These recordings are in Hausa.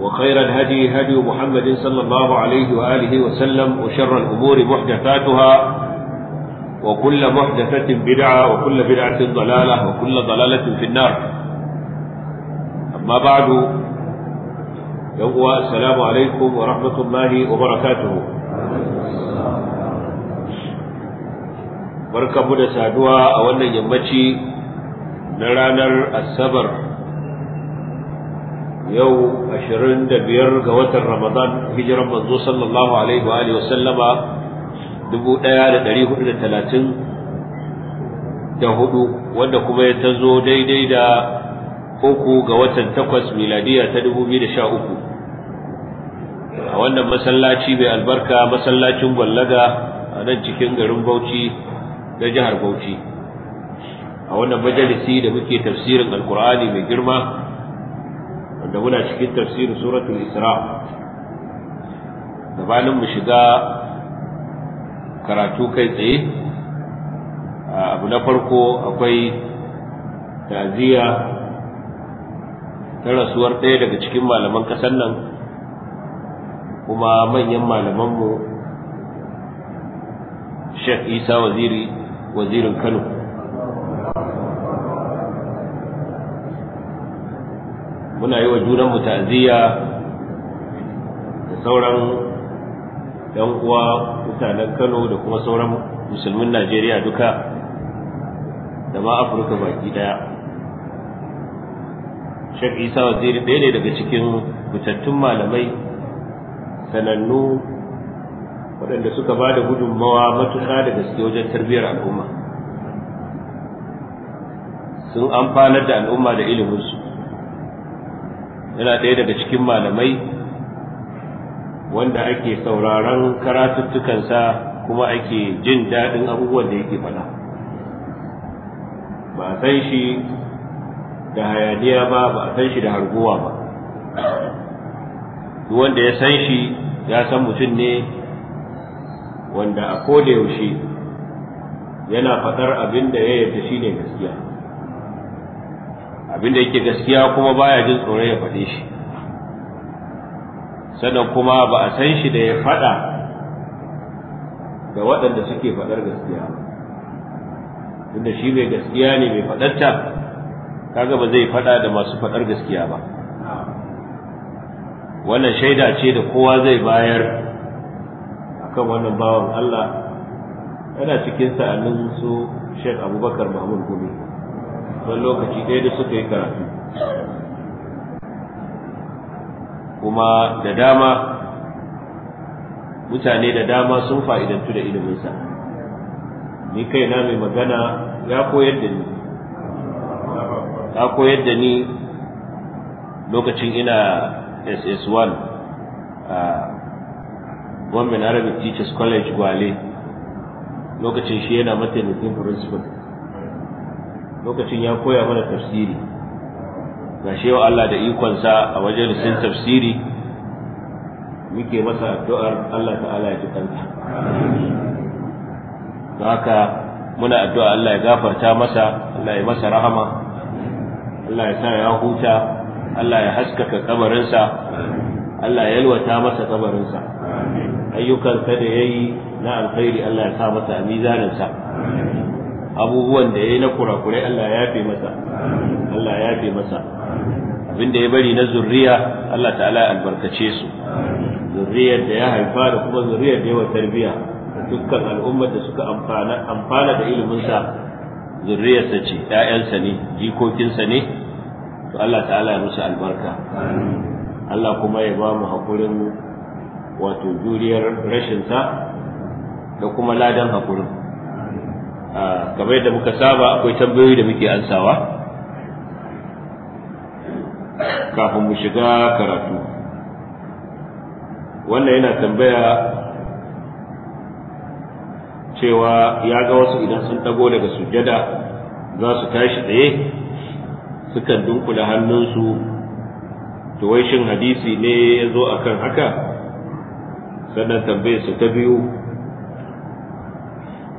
وخير الهدي هدي محمد صلى الله عليه وآله وسلم وشر الأمور محدثاتها وكل محدثة بدعة وكل بدعة ضلالة وكل ضلالة في النار أما بعد يوم السلام عليكم ورحمة الله وبركاته بركة مدى سادوها أولا يمتي نرى السبر yau 25 ga watan Ramadan hijiran manzo sallallahu alaihi wa alihi wasallama 1430 da hudu wanda kuma ya tazo daidai da uku ga watan takwas miladiya ta 2013 a wannan masallaci mai albarka masallacin gwallaga a nan cikin garin Bauchi da jihar Bauchi a wannan majalisi da muke tafsirin alkur'ani mai girma da muna cikin tafsirin suratul isra gabanin mu shiga karatu kai tsaye abu na farko akwai taziya ta rasuwar ɗaya daga cikin malaman ƙasar nan kuma manyan malamanmu shek Isa Waziri wazirin Kano muna yi wa junanmu ta'aziyya da sauran yan uwa mutanen Kano da kuma sauran musulmin Najeriya duka da ma Afirka baki daya Shek Isa Waziri ɗaya ne daga cikin fitattun malamai sanannu waɗanda suka ba da gudunmawa matuƙa da gaske wajen tarbiyyar al'umma sun amfanar da al'umma da iliminsu yana ɗaya daga cikin malamai wanda ake sauraron karatuttukansa kuma ake jin daɗin abubuwan da yake faɗa ba a san shi da hayaniya ba ba a san shi da harguwa ba wanda ya san shi ya san mutum ne wanda a koda yaushe yana faɗar abin da ya yarda shi ne gaskiya abinda yake gaskiya kuma baya jin tsoro ya faɗe shi sannan kuma ba a san shi da ya faɗa ga waɗanda suke faɗar gaskiya tunda shi mai gaskiya ne mai faɗarta kaga ba zai faɗa da masu faɗar gaskiya ba wannan shaida ce da kowa zai bayar akan wannan bawan Allah yana cikin sa'anin su Sheikh Abubakar Mahmud Gumi don lokaci ɗaya da suka yi karatu kuma da dama mutane da dama sun fa'idantu da iliminsa ni kaina mai magana ya koyar da ni ya koyar da ni lokacin ina ss1 a gwamnan arabic teachers college gwale lokacin shi yana mataimakin principal lokacin ya koya mana tafsiri ga shewa Allah da ikonsa a wajen sun tafsiri muke masa addu'ar Allah ta'ala ya ji kansa don haka muna addu'a Allah ya gafarta masa Allah ya masa rahama Allah ya sa ya huta Allah ya haskaka kabarinsa Allah ya yalwata masa kabarinsa ka da ya yi na alkhairi Allah ya sa masa a mizaninsa abubuwan da yayi na kurakurai Allah ya fi masa Allah ya fi masa abin da ya bari na zurriya Allah ta'ala ya albarkace su zurriyar da ya haifa da kuma zurriyar da ya wa da dukkan al'ummar da suka amfana amfana da ilimin sa zurriyarsa ce ƴaƴansa ne jikokinsa ne to Allah ta'ala ya musu albarka Allah kuma ya ba mu hakurin wato juriyar rashin sa da kuma ladan hakurin kamar yadda muka saba akwai tambayoyi da muke ansawa kafin mu shiga karatu wannan yana tambaya cewa ya ga wasu idan sun tago daga sujada za su tashi tsaye sukan dunkula hannunsu to wai shin hadisi ne ya zo akan haka sannan tambayar su ta biyu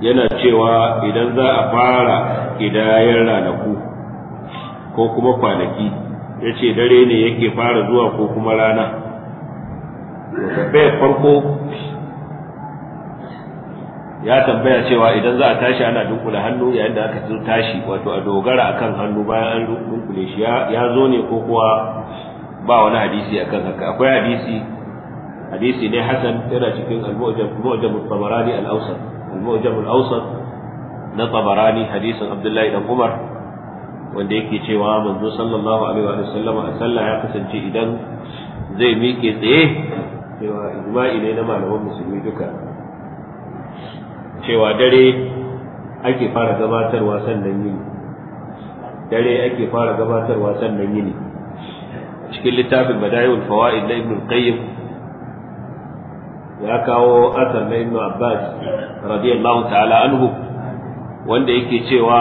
yana cewa idan za a fara ƙidayen ranaku ko kuma kwanaki ya ce dare ne yake fara zuwa ko kuma rana tambayar farko ya tambaya cewa idan za a tashi ana dunkula hannu yayin da aka zo tashi wato a dogara akan hannu bayan an dunkule shi ya zo ne ko kuwa ba wani hadisi akan haka akwai hadisi hadisi ne hasan yana cikin al-mu'jam al-tabarani al-awsat al-mu'jam al na tabarani hadisin abdullahi dan umar wanda yake cewa manzo sallallahu alaihi wa sallam a sallah ya kasance idan zai miƙe tsaye cewa ijma'i ne na malaman musulmi duka cewa dare ake fara gabatarwa sannan yini dare ake fara gabatarwa sannan yini cikin littafin badaiul fawaid na ibn qayyim ya kawo asar na Ibn abbas radiyallahu ta'ala anhu wanda yake cewa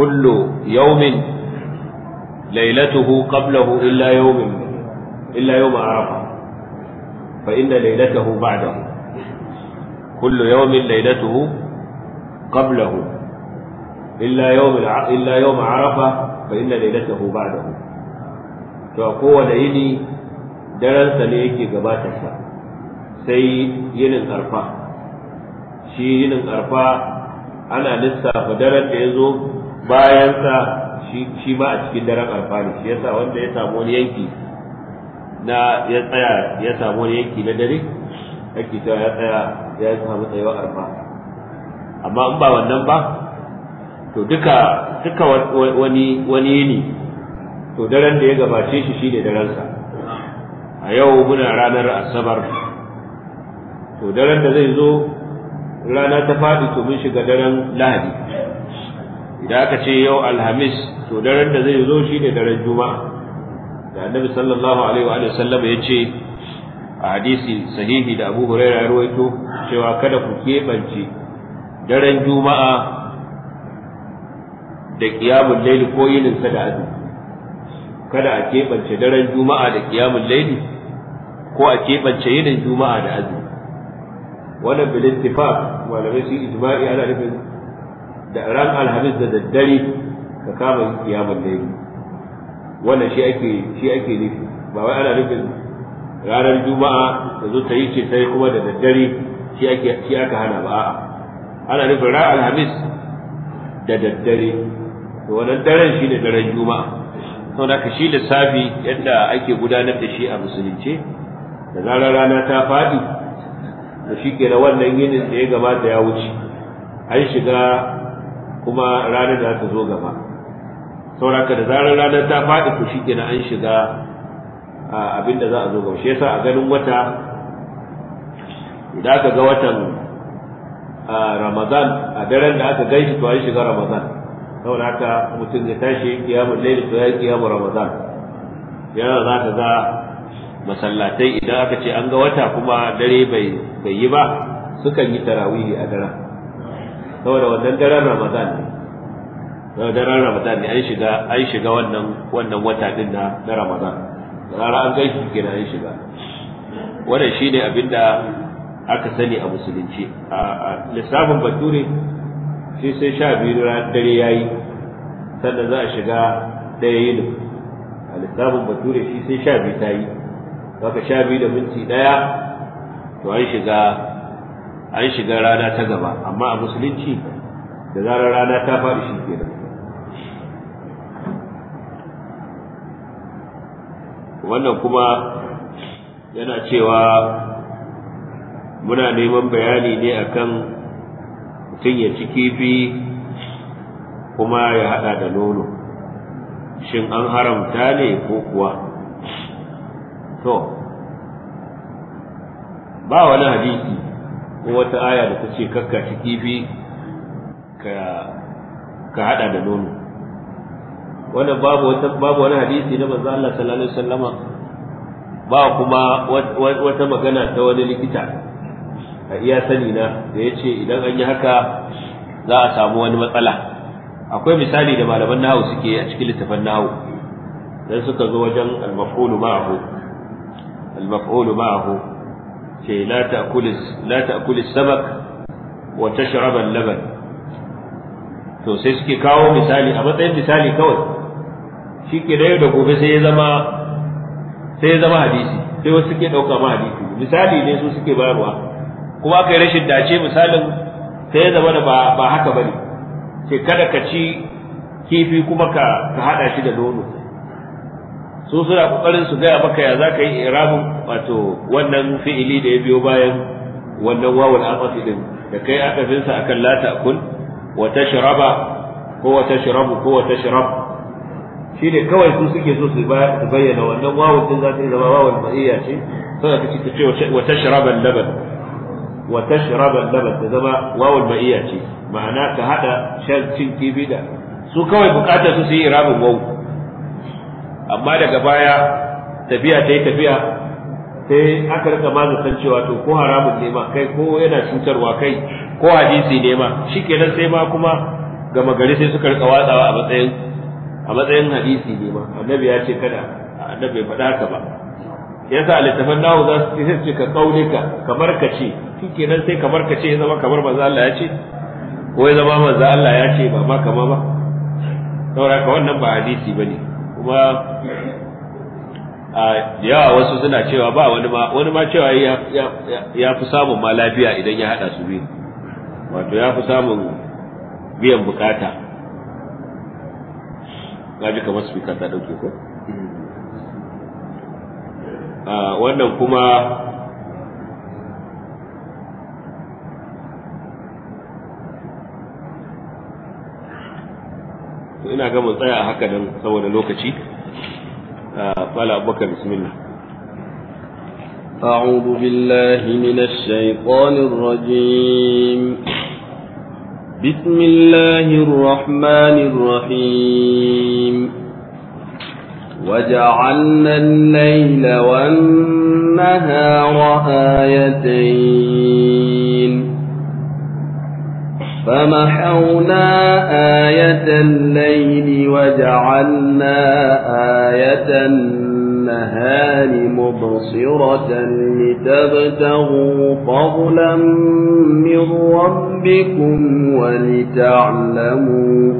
kullu yawmin laylatuhu qablahu illa yawmin illa yawm arafa fa inna laylatahu ba'dahu kullu yawmin laylatuhu qablahu yawm illa yawm arafa fa inna laylatahu ba'dahu to kowane yini daransa ne yake gabatarsa sai yinin arfa shi yinin arfa ana lissafa daren da ya zo bayansa shi ma a cikin daren arfa ne shi yasa wanda ya samu wani yanki na ya tsaya ya samu wani yanki na dare ake cewa ya tsaya ya samu tsayuwar arfa amma in ba wannan ba to duka duka wani wani ne to daren da ya gabace shi shine daren sa a yau muna ranar asabar to daren da zai zo rana ta faɗi to mun shiga daren lahadi idan aka ce yau alhamis to daren da zai zo shine daren juma'a da annabi sallallahu alaihi wa sallam ya ce a hadisi sahihi da abu huraira ya rawaito cewa kada ku keɓance daren juma'a da kiyamun laili ko yininsa da kada a keɓance daren juma'a da kiyamun laili ko a keɓance yinin juma'a da azumi wannan bil ittifaq malamai sun ijma'i ana nufin da ran alhamis da daddare ka kama kiyamar dare wannan shi ake shi ake nufi ba wai ana nufin ranar juma'a da zo ta yi ce sai kuma da daddare shi ake shi aka hana ba a'a ana nufin ran alhamis da daddare to wannan daren shi ne daren juma'a saboda ka shi lissafi yadda ake gudanar da shi a musulunci da zarar rana ta faɗi da shi kenan wannan yinin da ya gabata ya wuce an shiga kuma ranar da aka zo gaba sauraka da zarar rana ta faɗi ku shi kenan an shiga abin da za a zo gaba shi yasa a ganin wata idan aka ga watan ramadan a daren da aka gaishe to an shiga ramadan saboda haka mutum ya tashi ya kiyamun laili to ya kiyamun ramadan yana za ta ga masallatai idan aka ce an ga wata kuma dare bai yi ba sukan yi tarawihi a dara. saboda wannan daren ramadan ne daren ramadan ne an shiga an shiga wannan wannan wata din na na ramadan rara an gaishe kenan an shiga wannan shine abinda aka sani a musulunci a lissafin bature shi sai sha biyu dare yayi sannan za a shiga daya yinin a lissafin bature shi sai sha biyu ta yi Baka sha biyu da minti ɗaya to an shiga an shiga rana ta gaba amma a musulunci da zarar rana ta faɗi shi kenan wannan kuma yana cewa muna neman bayani ne akan mutum ya ci kifi kuma ya haɗa da nono shin an haramta ne ko kuwa to ba wani hadisi ko wata aya da ta ce kakka ci kifi ka hada da nono wanda babu wata babu wani hadisi na manzo Allah sallallahu alaihi wasallama ba kuma wata magana ta wani likita a iya sani na da yace idan an yi haka za a samu wani matsala akwai misali da malaman nahawu suke a cikin littafin nahawu dan suka zo wajen al-maf'ulu ma'ahu المفعول معه شيء لا تأكل لا تأكل السمك وتشرب اللبن to sai suke kawo misali a matsayin misali kawai shi ke da yau da gobe sai ya zama sai ya zama hadisi sai wasu suke ɗauka ma hadisi misali ne su suke bayarwa kuma aka yi rashin dace misalin sai ya zama da ba haka ba ne. sai kada ka ci kifi kuma ka haɗa shi da nono su suna kokarin su gaya maka ya zaka yi irabin wato wannan fi'ili da ya biyo bayan wannan wawul afafi din da kai akafin sa akan la ta'kul wa tashraba ko wa tashrabu ko wa tashrab shine kawai su suke so su bayyana wannan wawul din za yi zama wawul ma'iyya ce sai ka ci ce wa tashraba al-laban wa tashraba al-laban ta zama wawul ma'iyya ce ma'ana ka hada shan cin kibi da su kawai bukatar su su yi irabin wawu amma daga baya tafiya ta yi tafiya sai aka rika mazatan cewa to ko haramun nema kai ko yana cutarwa kai ko hadisi nema. Shi kenan sai ma kuma gama gari sai suka rika watsawa a matsayin a matsayin hadisi nema. annabi ya ce kada annabi ya faɗa haka ba yasa littafan nawo za su ce ka ka. kamar ka ce Shi kenan sai kamar ka ce ya zama kamar manzo Allah ya ce ko ya zama manzo Allah ya ce ba ma kama ba saboda ka wannan ba hadisi bane kuma a yawa wasu suna cewa ba wani ma wani ma cewa ya fi samun ma lafiya idan ya hada su biyu wato ya fi samun biyan bukata ji kamar speaker ta dauke ko wannan kuma ina ga mun tsaya haka dan saboda lokaci fala ah, abubakar bismillah أعوذ بالله من الشيطان الرجيم بسم الله الرحمن الرحيم وجعلنا الليل والنهار آيتين فمحونا آية الليل وجعلنا آية النهار مبصرة لتبتغوا فضلا من ربكم ولتعلموا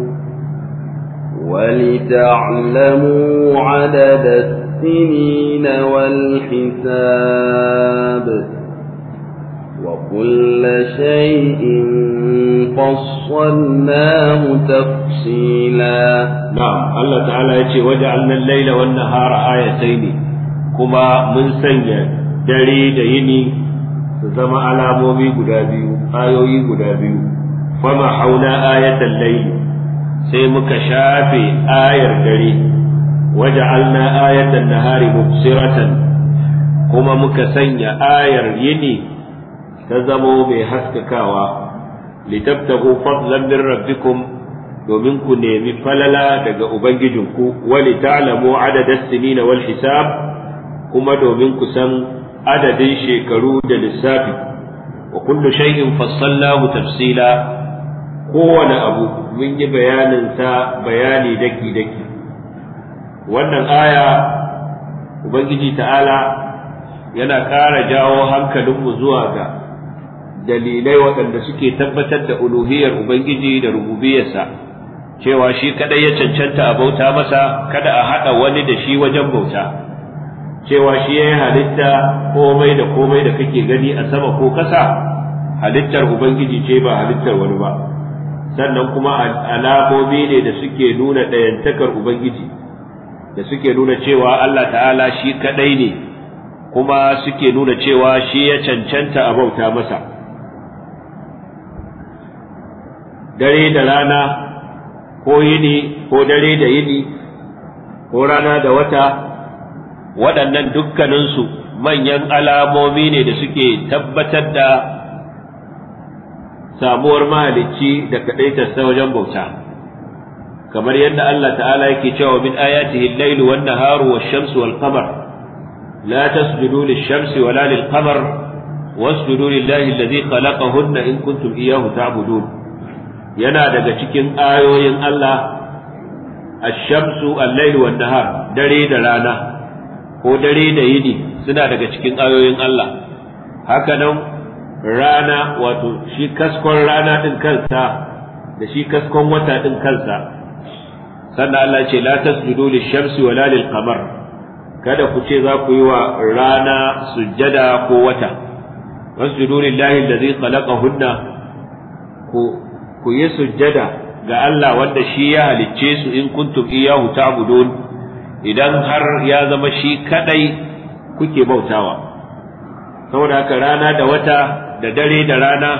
ولتعلموا عدد السنين والحساب وكل شيء فصلناه تفصيلا نعم الله تعالى يتي وجعلنا الليل والنهار آيتين كما من سنة دري ديني زما على مومي قدابيو آيوي قدابيو فما حونا آية الليل سيمك شافي آية دري وجعلنا آية النهار مبصرة kuma muka sanya ayar yini ta zamo mai haskakawa litabtahu fadlan min rabbikum domin ku nemi falala daga ubangijinku wali ta'lamu adada sinina wal hisab kuma domin ku san adadin shekaru da lissafi wa kullu shay'in fassalnahu tafsila kowane abu mun yi bayanin sa bayani daki daki wannan aya ubangiji ta'ala yana ƙara jawo hankalinmu zuwa ga dalilai waɗanda suke tabbatar da uluhiyar ubangiji da rububiyarsa cewa shi kadai ya cancanta a bauta masa kada a haɗa wani da shi wajen bauta cewa shi ya yi halitta komai da komai da kake gani a sama ko ƙasa halittar ubangiji ce ba halittar wani ba sannan kuma alamomi ne da suke nuna ɗayantakar ubangiji da suke nuna cewa Allah ta'ala shi kadai ne kuma suke nuna cewa shi ya cancanta a bauta masa dare da rana ko yini ko dare da yini ko rana da wata waɗannan dukkaninsu manyan alamomi ne da suke tabbatar da samuwar mahalicci da kaɗaitarsa wajen bauta. kamar yadda Allah ta'ala yake cewa min ayatihi al-layl wan naharu wash-shams wal-qamar la tasjudu lish-shams wala lil-qamar wasjudu lillahi alladhi khalaqahunna in kuntum iyyahu ta'budun yana daga cikin ayoyin Allah ash-shamsu al-layl wa nahar dare da rana ko dare da yini suna daga cikin ayoyin Allah haka nan rana wato shi kaskon rana din kansa da shi kaskon wata din kansa sannan Allah ce la tasjudu lish-shamsi wala lil-qamar kada ku ce za ku yi wa rana sujjada ko wata wasjudu lillahi allazi khalaqahunna ku ku yi sujjada ga Allah wanda shi ya halicce su in kuntum iyyahu ta'budun idan har ya zama shi kadai kuke bautawa saboda haka rana da wata da dare da rana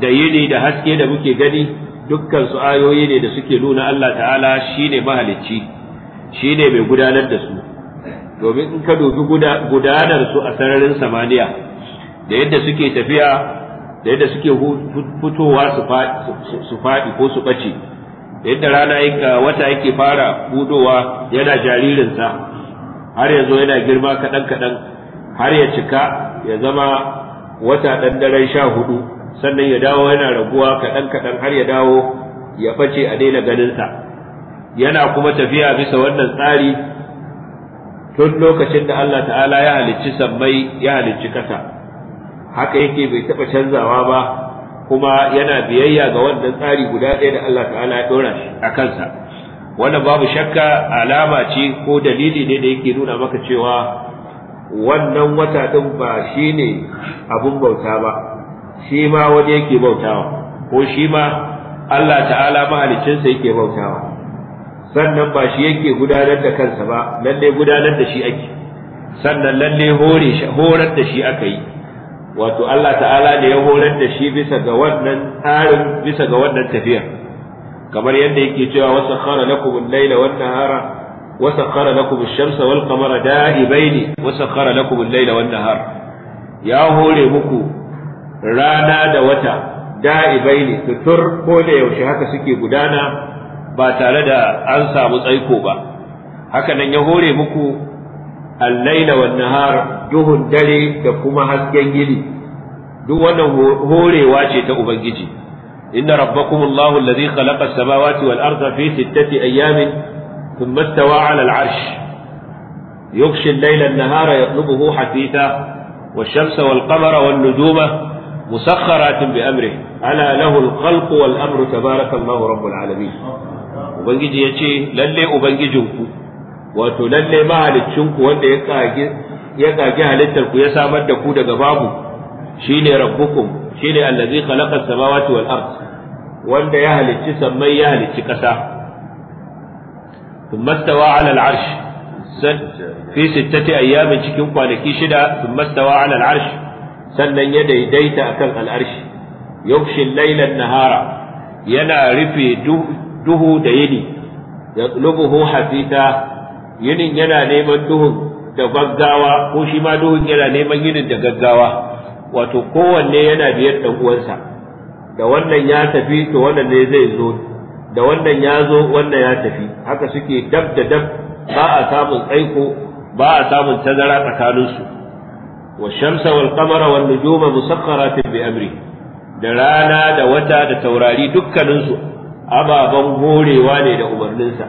da yini da haske da muke gani dukkan su ayoyi ne da suke nuna Allah ta'ala shine mahalicci shine mai gudanar da su domin in ka dubi gudanar su a sararin samaniya da yadda suke tafiya da yadda suke fitowa su faɗi ko su ɓace da yadda rana yake wata yake fara budowa yana jaririnsa har ya yana girma kaɗan kaɗan har ya cika ya zama wata ɗan daren sha hudu sannan ya dawo yana raguwa kaɗan kaɗan har ya dawo ya ɓace a daina ganinsa yana kuma tafiya bisa wannan tsari tun lokacin da Allah ta'ala ya halicci sammai ya halicci ƙasa haka yake bai taɓa canzawa ba kuma yana biyayya ga wannan tsari guda ɗaya da Allah ta'ala ya ɗora shi a kansa wannan babu shakka alama ce ko dalili ne da yake nuna maka cewa wannan wata ɗin ba shi ne abin bauta ba shi ma wani yake bautawa ko shi ma Allah ta'ala mahaliccinsa yake bautawa sannan ba shi yake gudanar da kansa ba lalle gudanar da shi ake sannan lalle horar da shi aka yi wato Allah ta'ala ne ya horar da shi bisa ga wannan tsarin bisa ga wannan tafiyar kamar yadda yake cewa wa sakhara lakum al-laila wan nahara wa sakhara lakum ash-shamsa wal qamara da'ibaini wa sakhara lakum al-laila wan nahara ya hore muku rana da wata da'ibaini tutur ko da yaushe haka suke gudana ba tare da an samu tsaiko ba haka nan ya hore muku al-laila wan nahar duhun dare da kuma hasken yini duk wannan horewa ce ta ubangiji inna rabbakumullahu alladhi khalaqa as-samawati wal arda fi sittati ayamin thumma istawa 'ala al-'arsh يغشي الليل النهار يطلبه حثيثا والشمس والقمر والنجوم مسخرات بأمره ألا له الخلق والأمر تبارك الله رب العالمين وبنجي يجي للي وبنجي جنكو wato lalle mahaliccin ku wanda ya kage ya kage halittar ku ya samar da ku daga babu shine rabbukum shine allazi khalaqa as-samawati wal ard wanda ya halicci sammai ya halicci kasa thumma stawa 'ala al-'arsh fi sittati ayyamin cikin kwanaki shida thumma stawa 'ala al-'arsh sannan ya daidaita akan al-'arsh yughshi al-layla nahara yana rufe duhu da yini yatlubuhu hafita yinin yana neman duhun da gaggawa ko shi ma duhun yana neman yinin da gaggawa wato kowanne yana biyar dan uwansa da wannan ya tafi to wannan ne zai zo da wannan ya zo wannan ya tafi haka suke dab da dab ba a samun tsaiko ba a samun tazara tsakaninsu wa shamsa wal qamara wan nujuma bi amri da rana da wata da taurari dukkaninsu ababan horewa ne da umarninsa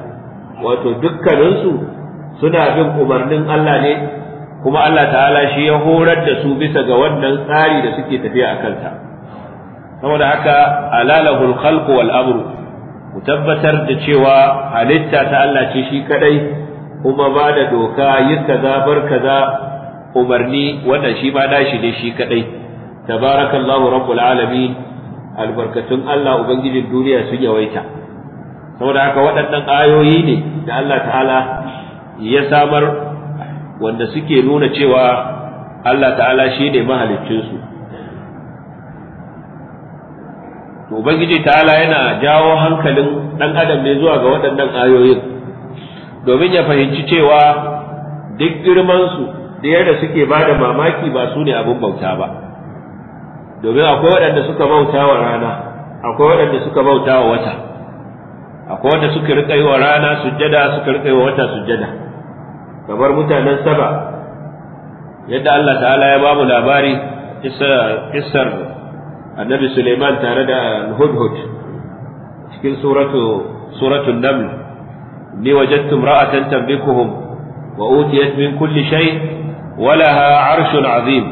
wato dukkaninsu suna bin umarnin Allah ne kuma Allah ta'ala shi ya horar da su bisa ga wannan tsari da suke tafiya a kansa saboda haka alalahul khalqu wal amru ku tabbatar da cewa halitta ta Allah ce shi kadai kuma ba da doka yi kaza bar kaza umarni wannan shi ma nashi ne shi kadai tabarakallahu rabbul alamin albarkatun Allah ubangijin duniya sun yawaita saboda haka waɗannan ayoyi ne da Allah ta'ala ya samar wanda suke nuna cewa Allah ta'ala shi ne mahaliccinsu to ubangiji ta'ala yana jawo hankalin ɗan adam ne zuwa ga waɗannan ayoyin domin ya fahimci cewa duk girmansu da yadda suke ba da mamaki ba su ne abin bauta ba domin akwai waɗanda suka bauta wa rana akwai waɗanda suka bauta wa wata akwai waɗanda suka riƙa yi wa rana sujjada suka riƙa yi wa wata sujjada kamar mutanen saba yadda Allah ta'ala ya ba mu labari kissar annabi Suleiman tare da hudhud cikin suratu suratul naml ni wajadtu imra'atan tabikuhum wa utiyat min kulli shay wa laha 'arshun 'azim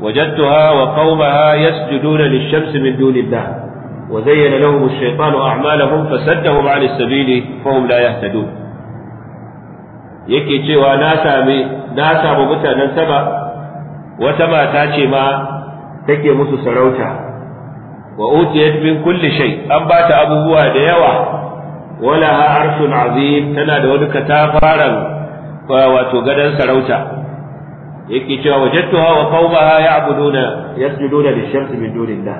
wajadtuha wa qaumaha yasjuduna lish-shamsi min duni Allah وزين لهم الشيطان أعمالهم فسدهم عن السبيل فهم لا يهتدون yake cewa na sami na samu mutanen saba wata mata ce ma take musu sarauta wa utiyat min kulli shay an ba ta abubuwa da yawa wala ha arshun azim tana da wani katafaran wato gadan sarauta yake cewa wajadtuha wa qaumaha ya'buduna yasjuduna lish-shamsi min dunillah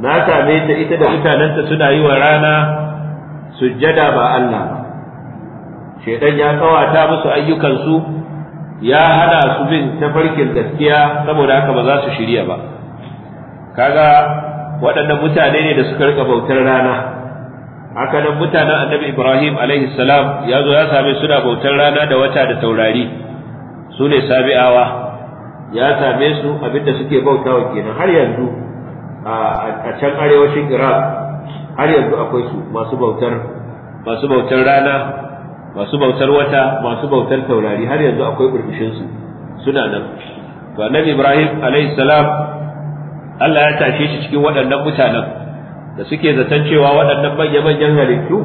na same ta ita da mutanenta suna yi wa rana sujjada ba Allah ba shaitan ya kawata musu ayyukansu ya hana su bin tafarkin gaskiya saboda haka ba za su shirya ba kaga waɗannan mutane ne da suka rika bautar rana haka nan mutanen annabi ibrahim alaihi salam ya zo ya same suna bautar rana da wata da taurari su ne sabi'awa ya same su abinda suke bautawa kenan har yanzu a can arewacin iraq har yanzu akwai su masu bautar masu bautar rana masu bautar wata masu bautar taurari har yanzu akwai burbushin su suna nan to annabi Ibrahim alayhi salam Allah ya tashe shi cikin waɗannan mutanen da suke zaton cewa waɗannan manya-manyan halittu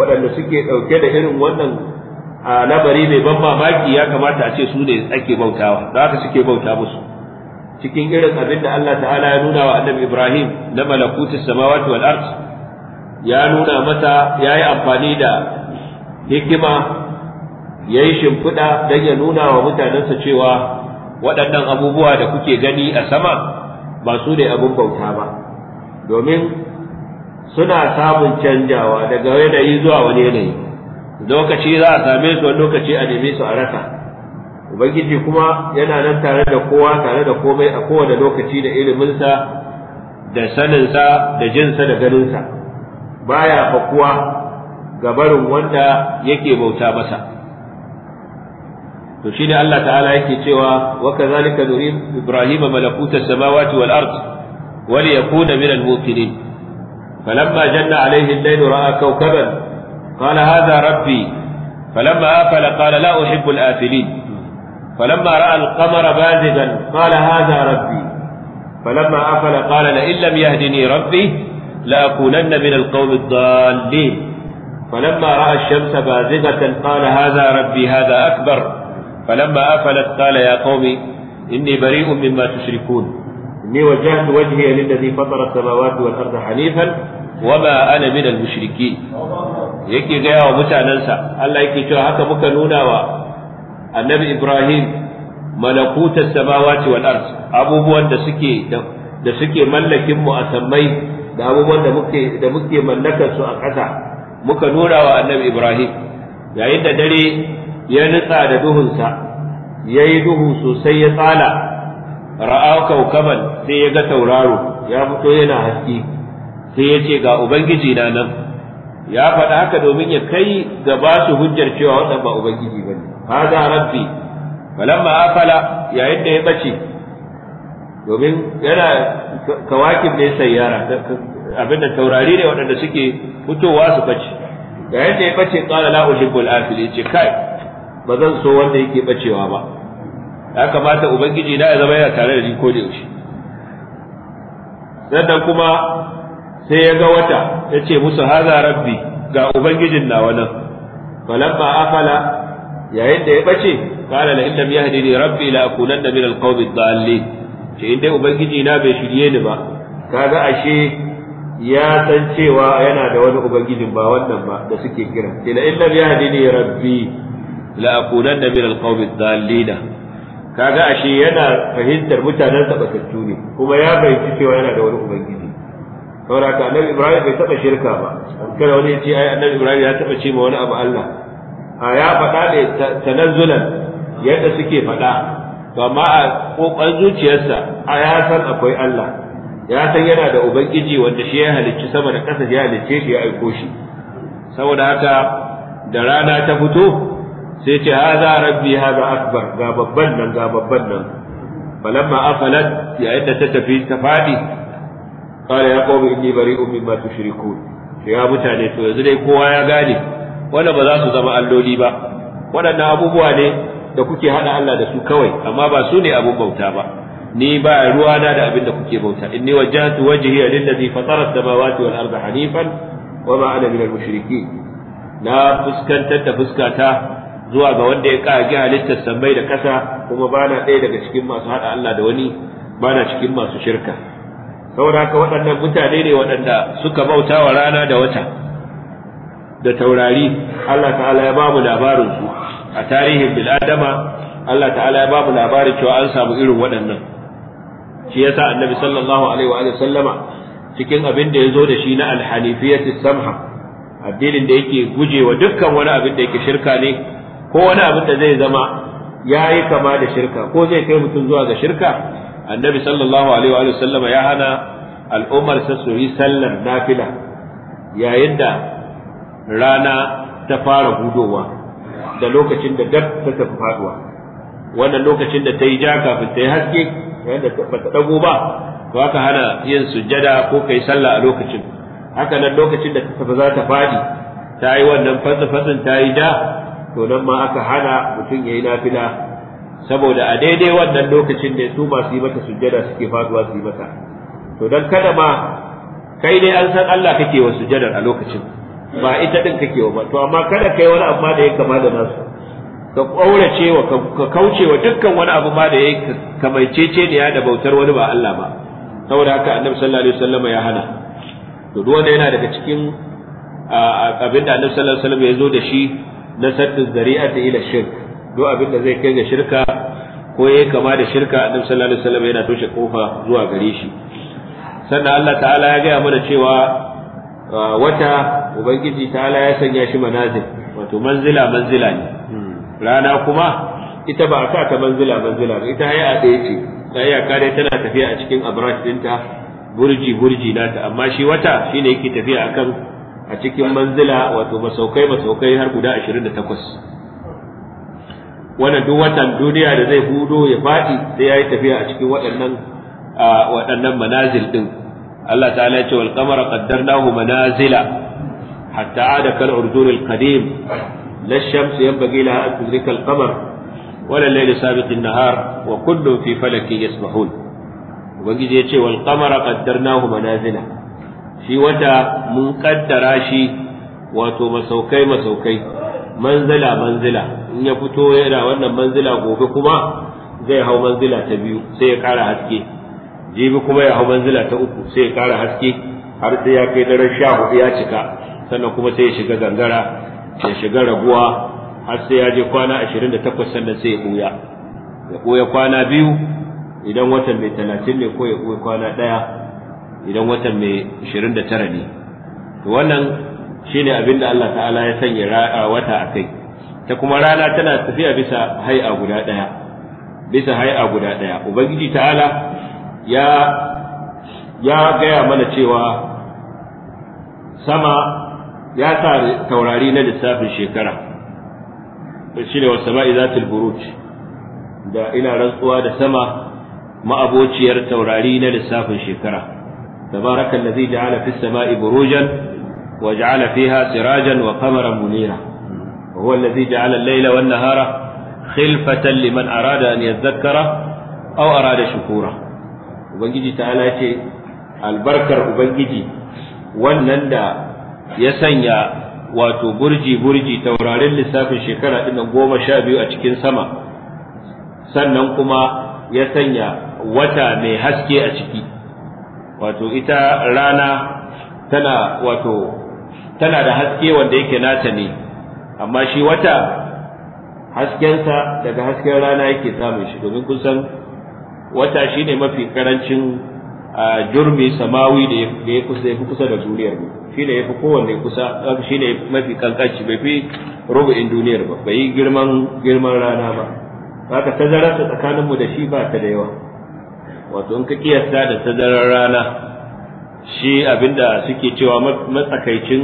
waɗanda suke ɗauke da irin wannan labari mai ban mamaki ya kamata a ce su ne ake bautawa da haka suke bauta musu cikin irin abin da Allah ta'ala ya nuna wa annabi Ibrahim na malakutus samawati wal ard ya nuna mata yayi amfani da hikima ya yi shimfiɗa don ya nuna wa mutanensa cewa waɗannan abubuwa da kuke gani a sama ba su ne abin bauta ba domin suna samun canjawa daga yanayi zuwa wani yanayi lokaci za a same su wani lokaci a neme su a rasa ubangiji kuma yana nan tare da kowa tare da komai a kowane lokaci da iliminsa da saninsa da jinsa da ganinsa baya fakuwa gabarin wanda yake bauta masa to shi ne Allah ta'ala yake cewa wa kadhalika nuri ibrahima malakuta samawati wal ard wa liyakuna min al muqinin falamma janna alayhi al-layl ra'a kawkaban qala hadha rabbi falamma afala qala la uhibbu al-afilin falamma ra'a al-qamara bazigan qala hadha rabbi falamma afala qala la in lam yahdini rabbi la akunanna min al-qawmi ad-dallin فلما رأى الشمس بازغة قال هذا ربي هذا أكبر فلما أفلت قال يا قوم إني بريء مما تشركون إني وجهت وجهي للذي فطر السماوات والأرض حنيفا وما أنا من المشركين yake gaya wa mutanensa Allah yake cewa haka muka nuna wa annabi Ibrahim malakutas samawati wal ard abubuwan da suke da suke mallakin mu a sammai da abubuwan da muke da muke mallakar su a ƙasa muka nuna wa annabi Ibrahim yayin da dare ya nutsa da duhunsa ya yi duhu sosai ya tsala ra'a kaukaban sai ya ga tauraro ya fito yana haske sai ya ce ga ubangiji na nan ya faɗa haka domin ya kai ga ba su hujjar cewa wannan ba ubangiji ba ne hada rabbi falamma afala yayin da ya bace domin yana kawakin ne sayyara abinda taurari ne waɗanda suke fitowa su bace da yadda ya bace qala la uhibbul afil yace kai ba zan so wanda yake bacewa ba ya kamata ubangiji na ya zama yana tare da ni ko da yaushe sannan kuma sai ya ga wata ya ce musu haza rabbi ga ubangijin nawa nan falamma afala yayin da ya bace qala la illam yahdini rabbi la akunanna min alqawmi ad-dallin ce in dai ubangiji na bai shirye ni ba kaga ashe ya san cewa yana da wani ubangijin ba wannan ba da suke kira ila illa ya yahdini rabbi la akunanna min alqawmi dhallina kaga ashe yana fahimtar mutanen sa bakattu ne kuma ya fahimci cewa yana da wani ubangiji saboda ka annabi ibrahim bai taba shirka ba kada wani ya ce ai annabi ibrahim ya taba ce ma wani abu Allah a ya faɗa da tanazzulan yadda suke faɗa to amma a kokon zuciyarsa a ya san akwai Allah ya san yana da ubangiji wanda shi ya halicci sama da ƙasa ya halicce shi ya aiko shi saboda haka da rana ta fito sai ce haza rabbi haza akbar ga babban nan ga babban nan falamma afalat yayin da ta tafi ta fadi qala ya qawmi inni bari'un mimma tushrikun ya mutane to yanzu dai kowa ya gane wanda ba za su zama alloli ba waɗannan abubuwa ne da kuke hada Allah da su kawai amma ba su ne abun bauta ba ni ba na da abin da kuke bauta inni wajjahtu wajhi lillazi fatara as-samawati wal arda hanifan wa ma ana minal mushriki na fuskantar da fuskata zuwa ga wanda ya kage halittar sammai da kasa kuma bana ɗaya daga cikin masu hada Allah da wani bana cikin masu shirka saboda haka waɗannan mutane ne waɗanda suka bauta wa rana da wata da taurari Allah ta'ala ya bamu labarin su a tarihin adama Allah ta'ala ya bamu labarin cewa an samu irin waɗannan shi yasa annabi sallallahu alaihi wa sallama cikin abin da zo da shi na alhanifiyati samha addinin da yake gujewa dukkan wani abin da yake shirka ne ko wani abin da zai zama yayi kama da shirka ko zai kai mutum zuwa ga shirka annabi sallallahu alaihi wa sallama ya hana al'ummar sa su yi sallar nafila yayin da rana ta fara hudowa da lokacin da dab ta tafi faduwa wannan lokacin da ta yi ja kafin ta yi haske wanda ba ta dago ba to haka hana yin sujjada ko kai sallah a lokacin haka nan lokacin da ta za ta fadi ta yi wannan fatsa fatsin ta yi ja to nan ma aka hana mutum ya yi nafila saboda a daidai wannan lokacin ne su masu yi mata sujjada suke faduwa su yi mata to dan kada ma kai dai an san Allah kake wa sujjadar a lokacin ba ita din kake wa ba to amma kada kai wani amma da ya kama da nasu ka ƙaurace wa ka kauce wa dukkan wani abu ma da ya kamaicece ne ya da bautar wani ba Allah ba saboda haka annabi sallallahu alaihi wasallam ya hana to duk wanda yana daga cikin abinda annabi sallallahu alaihi wasallam ya zo da shi na saddin zari'ata ila shirk duk abinda zai kai ga shirka ko yayi kama da shirka annabi sallallahu alaihi wasallam yana toshe kofa zuwa gare shi sannan Allah ta'ala ya gaya mana cewa wata ubangiji ta'ala ya sanya shi manazil wato manzila manzila ne hmm. rana kuma ita ba a sa ta manzila manzila ba ita hayya ɗaya ce ta iyaka dai tana tafiya a cikin abrash ɗinta burji burji nata amma shi wata shine yake tafiya akan a cikin manzila wato masaukai masaukai har guda 28 wannan duk watan duniya da zai hudo ya faɗi sai yayi tafiya a cikin waɗannan waɗannan manazil ɗin Allah ta'ala ya ce wal qamara qaddarnahu manazila hatta ada kal urdunil qadim la shamsu yanbaghi laha an tudrika al-qamar wa la layli sabiqi an-nahar wa kullun fi falakin yasbahun ubangiji yace wal qamara qaddarnahu shi wata mun kaddara shi wato masaukai masaukai manzila manzila in ya fito yana wannan manzila gobe kuma zai hau manzila ta biyu sai ya kara haske jibi kuma ya hau manzila ta uku sai ya kara haske har sai ya kai daren sha hudu ya cika sannan kuma sai ya shiga gangara ya shiga raguwa har sai ya je kwana 28 sannan sai ya ɓuya ya ɓuya kwana biyu idan watan mai 30 ne ko ya ɓuya kwana ɗaya idan watan mai 29 ne to wannan shine abin da Allah ta'ala ya sanya wata a kai ta kuma rana tana tafiya bisa hay'a guda ɗaya bisa hay'a guda ɗaya ubangiji ta'ala ya ya gaya mana cewa sama ya sa taurari na lissafin shekara shi ne wasu ma'i zatul da ina rantsuwa da sama ma'abociyar taurari na lissafin shekara tabaraka allazi ja'ala fi sama'i burujan wa ja'ala fiha sirajan wa qamaran munira wa huwa allazi ja'ala Laila layla nahara khilfatan liman arada an yadhakkara aw arada shukura ubangiji ta'ala ce albarkar ubangiji wannan da ya sanya wato burji burji taurarin lissafin shekara ɗin goma sha biyu a cikin sama sannan kuma ya sanya wata mai haske a ciki wato ita rana tana wato tana da haske wanda yake nata ne amma shi wata haskensa daga hasken rana yake samun shi domin kun san wata shine mafi karancin jurbi samawi da ya kusa ya fi kusa da duniyar mu shi ne ya fi kowanne kusa shi ne mafi kankanci bai fi rubu'in duniyar ba bai yi girman rana ba haka tazarar ta tsakanin mu da shi ba ta da yawa wato in ka kiyasta da tazarar rana shi abinda suke cewa matsakaicin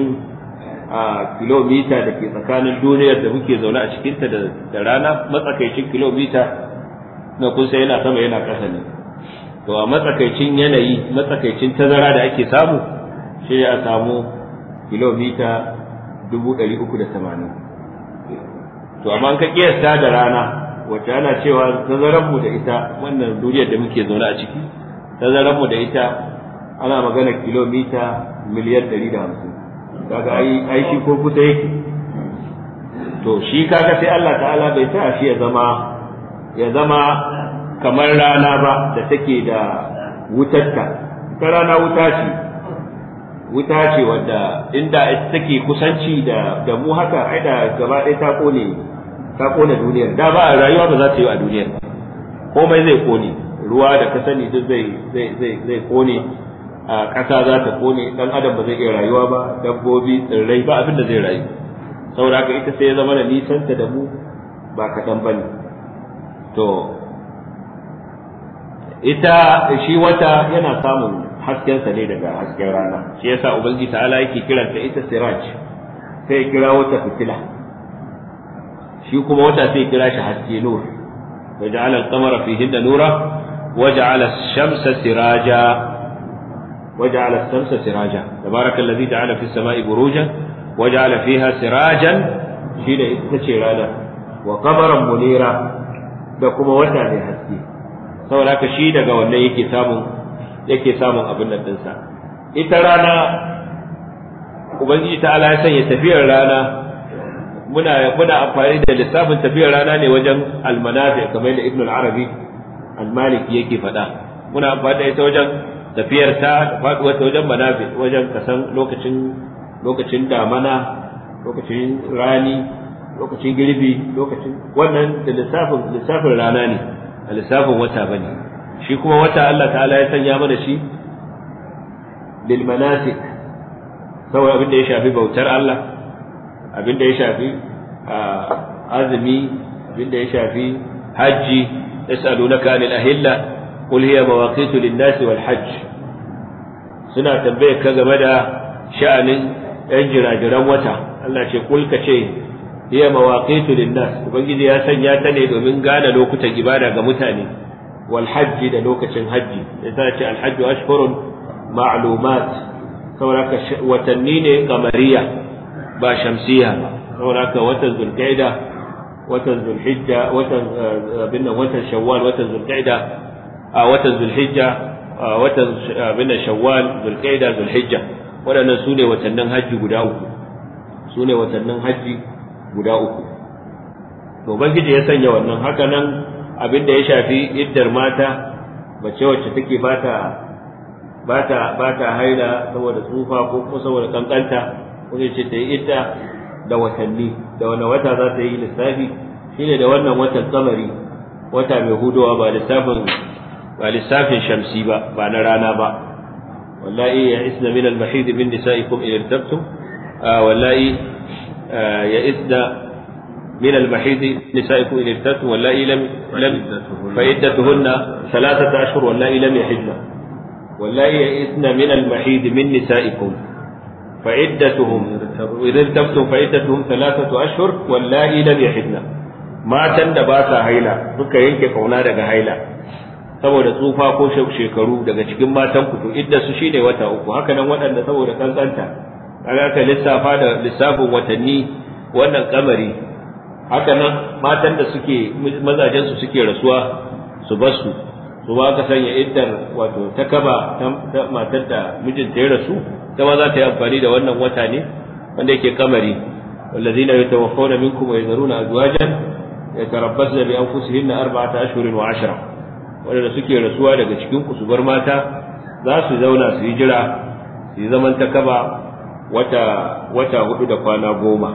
a kilomita da ke tsakanin duniyar da muke zaune a cikinta da rana matsakaicin kilomita na kusa yana sama yana ƙasa ne to a matsakaicin yanayi matsakaicin tazara da ake samu shi ya samu kilomita 380 to amma ka kiyasta da rana wacce ana cewa tazaranmu da ita wannan duniyar da muke zaune a ciki tazaranmu da ita ana magana kilomita miliyan 150 kaga ai shi ko kusa yake to shi kaga sai Allah ta'ala bai sa shi ya zama ya zama kamar rana ba da take da wutarta ta rana wuta ce wuta ce wadda inda take kusanci da da mu haka ai da gaba ɗaya ta kone ta kone duniyar da ba a rayuwa ba za ta yi a duniya. komai zai kone ruwa da ka sani duk zai zai kone a ƙasa za ta kone dan adam ba zai iya rayuwa ba dabbobi tsirrai ba abin da zai rayu saboda haka ita sai ya zama da nisanta da mu ba kaɗan ba ne to ita shi wata yana samun haskensa ne daga hasken rana shi yasa ubangiji ta'ala yake kiranta ita siraj sai kira wata fitila shi kuma wata sai kira shi haske nur wa ja'ala al-qamara fihinna nura wa ja'ala ash-shamsa siraja wa ja'ala ash-shamsa siraja tabaraka alladhi ja'ala fi as-sama'i burujan wa ja'ala fiha sirajan shi da ita ce rana wa qamaran munira da kuma wata ne haske saboda haka shi daga wannan yake samun yake samun abin nan dinsa ita rana ubangiji ta ala ya sanya tafiyar rana muna muna amfani da lissafin tafiyar rana ne wajen almanafi kamar da ibnu al-arabi al-maliki yake faɗa muna amfani da ita wajen tafiyar ta da faduwar ta wajen manafi wajen kasan lokacin lokacin damana lokacin rani lokacin girbi lokacin wannan da lissafin lissafin rana ne a lissafin wata bane shi kuma wata Allah ta'ala ya sanya mana shi lil manasik saboda abin da ya shafi bautar Allah abin da ya shafi azumi abin da ya shafi haji yas'alunaka anil ahilla qul hiya mawaqitu lin-nasi wal hajj suna tambaye ka game da sha'anin yan jiran wata Allah ce kul ce hiya mawaqitu lin-nas ubangiji ya sanya ta ne domin gane lokutan ibada ga mutane wal hajji da lokacin hajji yasa ce al-hajju ashhurun ma'lumat saboda watanni ne kamariya ba shamsiya saboda watan zulqa'ida watan zulhijja watan eh, bin watan shawwal watan zulqa'ida a watan zulhijja watan bin shawwal zulqa'ida zulhijja waɗannan sune watannin hajji guda uku Sune watannin hajji guda uku to ubangiji ya sanya wannan haka nan abin da ya shafi iddar mata mace wacce take bata bata bata haila saboda tsufa ko kuma saboda kankanta ko zai ce ta yi idda da watanni da wani wata za ta yi lissafi shine da wannan watan kamari wata mai hudowa ba lissafin ba lissafin shamsi ba ba na rana ba wallahi ya isna min al-mahid bin nisa'ikum in irtabtum ah, wallahi ya idda min al-mahidi nisa'ikum in irtatu wallahi lam lam fa iddatuhunna thalathata ashhur wallahi lam yahidna wallahi ya'idna min al-mahidi min nisa'ikum fa iddatuhum in irtabtum fa iddatuhum thalathatu ashhur wallahi matan da ba sa haila suka yanke kauna daga haila saboda tsufa ko shekaru daga cikin matan ku to idda su shine wata uku haka nan waɗanda saboda kankanta kaga ka lissafa da lissafin watanni wannan kamari haka nan matan da suke mazajen su suke rasuwa su basu su ba ka sanya iddar wato ta kaba ta matar da mijinta ya rasu ta ma za ta yi amfani da wannan wata ne wanda yake kamari والذين يتوفون منكم ويذرون أزواجا يتربصن بأنفسهن أربعة أشهر وعشرة waɗanda suke rasuwa daga ku su bar mata za su zauna su yi jira su yi zaman takaba. wata wata hudu da kwana goma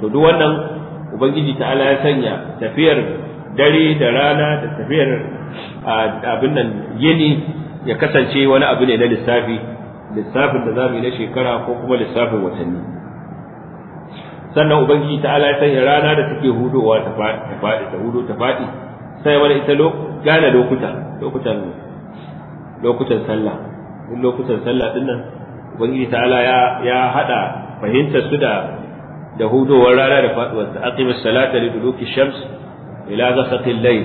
to duk wannan ubangiji ta'ala ya sanya tafiyar dare da rana da tafiyar abin nan yini ya kasance wani abu ne na lissafi lissafin da zamu yi na shekara ko kuma lissafin watanni sannan ubangiji ta'ala ya sanya rana da take hudowa ta faɗi ta hudo ta faɗi sai wani ita gane lokuta lokutan lokutan sallah lokutan sallah nan ubangiji ta'ala ya ya hada fahimtar su da da hudowar rana da faduwar ta aqimis salata li duluki shams ila ghasaqil layl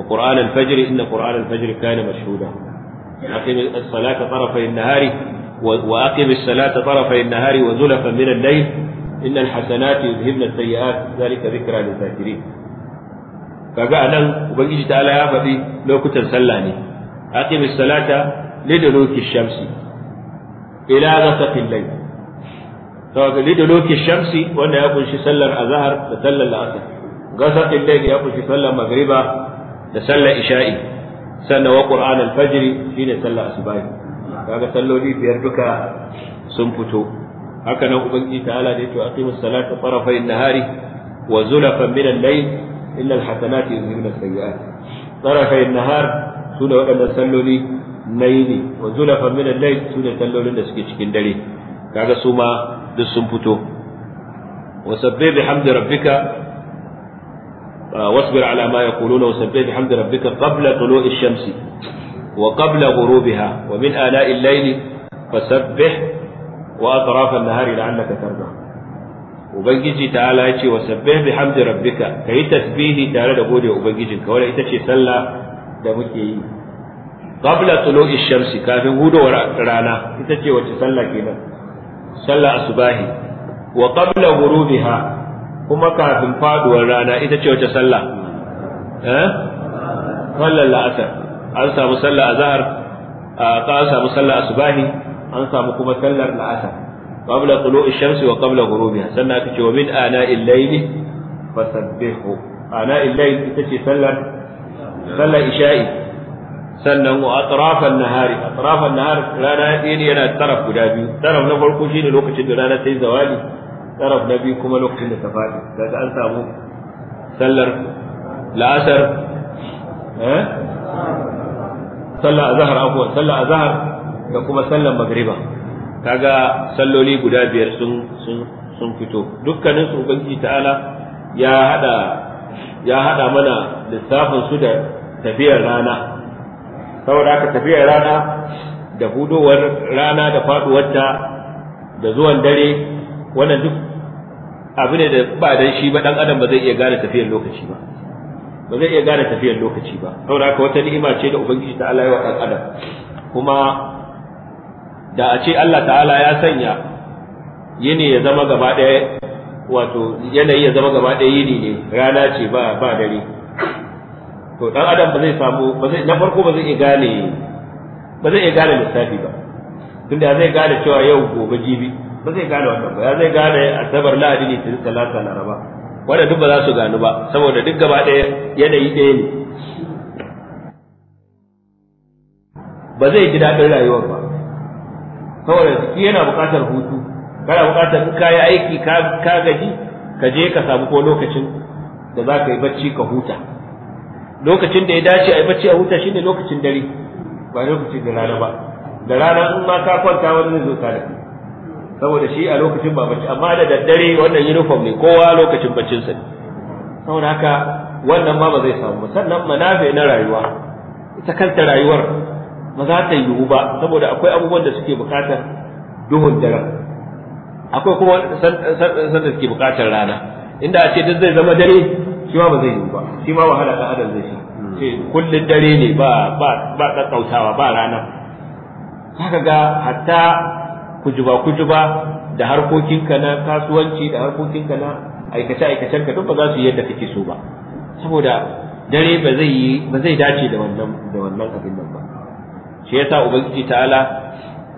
wa qur'an al-fajr inna qur'an al-fajr kana mashhuda aqimis salata tarafay an-nahari wa aqimis salata tarafay an-nahari wa zulafan min al-layl inna al-hasanati yudhhibna as-sayyi'at dhalika dhikra lil-zakirin kaga anan ubangiji ta'ala ya faɗi lokutan sallah ne aqimis salata li duluki shamsi ila ghasaqil layl saboda lidoloki shamsi wanda ya kunshi sallar azhar da sallar asr ghasaqil layl ya kunshi sallar magriba da sallar isha'i sannan wa qur'an al-fajr shine sallar asbahi kaga salloli biyar duka sun fito haka nan ubangiji ta'ala da yato aqimus salata tarafay an-nahari wa zulafan min al-layl illa al-hasanati yuzhibna as-sayyi'at tarafay nahar sune waɗannan salloli naili wa zulafa min al-layl sune sallolin da suke cikin dare kaga su ma duk sun fito wa sabbi bihamdi rabbika wasbir ala ma yaquluna wa sabbi bihamdi rabbika qabla tulu'i ash-shamsi wa qabla ghurubiha wa min ala'i al-layli fasabbih wa atraf an-nahari la'allaka tarda ubangiji ta'ala ya ce wa sabbi bihamdi rabbika kayi tasbihi tare da gode ubangijinka wanda ita ce sallah da muke yi qabla tulu'i shamsi kafin hudowar rana ita ce wace sallah kenan sallah asubahi wa qabla ghurubiha kuma kafin faduwar rana ita ce sallah eh? sallar la'asar an samu sallah azhar an samu sallah asubahi an samu kuma sallar la'asar qabla tulu'i shamsi wa qabla ghurubiha sannan aka ce wa min ana al-layli fasabbihu ana al-layl ita ce sallar sallar isha'i sannan wa atrafan nahari atrafan nahar rana ɗaya ne yana taraf guda biyu taraf na farko shine lokacin da rana ta yi zawali taraf na biyu kuma lokacin da ta faɗi daga an samu sallar la'asar eh sallar azhar afwan sallar azhar da kuma sallar magriba kaga salloli guda biyar sun sun fito dukkanin su ubangiji ta'ala ya hada ya hada mana lissafin su da tafiyar rana saboda aka tafiya rana da hudowar rana da faduwarta da zuwan dare wannan duk abu ne da ba dan shi ba dan adam ba zai iya gane tafiyar lokaci ba ba zai iya gane tafiyar lokaci ba saboda aka wata ni'ima ce da ubangiji ta Allah ya wa adam kuma da a ce Allah ta'ala ya sanya yini ya zama gaba ɗaya wato yanayi ya zama gaba ɗaya yini ne rana ce ba ba dare to dan adam ba zai samu ba zai na farko ba zai iya gane ba zai iya gane lissafi ba tunda zai gane cewa yau gobe jibi ba zai gane wannan ba ya zai gane asabar lahadi ne tun talata laraba wanda duk ba za su gani ba saboda duk gaba ɗaya yanayi ɗaya ne ba zai ji daɗin rayuwar ba saboda jiki yana buƙatar hutu kana buƙatar in ka yi aiki ka gaji ka je ka samu ko lokacin da za ka yi bacci ka huta lokacin da ya dace a yi bacci a huta shine lokacin dare ba lokacin da rana ba da rana in ma ka kwanta wani zai zo tare saboda shi a lokacin ba bacci amma da daddare wannan uniform ne kowa lokacin baccin sa ne saboda haka wannan ma ba zai samu ba sannan manafi na rayuwa ita kanta rayuwar ba za ta yiwu ba saboda akwai abubuwan da suke bukatar duhun daren akwai kuma sanda suke bukatar rana inda a ce duk zai zama dare shi ma ba zai yi ba shi ma wahala da adal zai shi kullun dare ne ba ba ba kakkautawa ba rana haka ga hatta kujuba kujuba da harkokinka na kasuwanci da harkokinka na aikace aikacen ka duk ba za su yi yadda kake so ba saboda dare ba zai yi ba zai dace da wannan da wannan abin nan ba shi yasa ubangiji ta'ala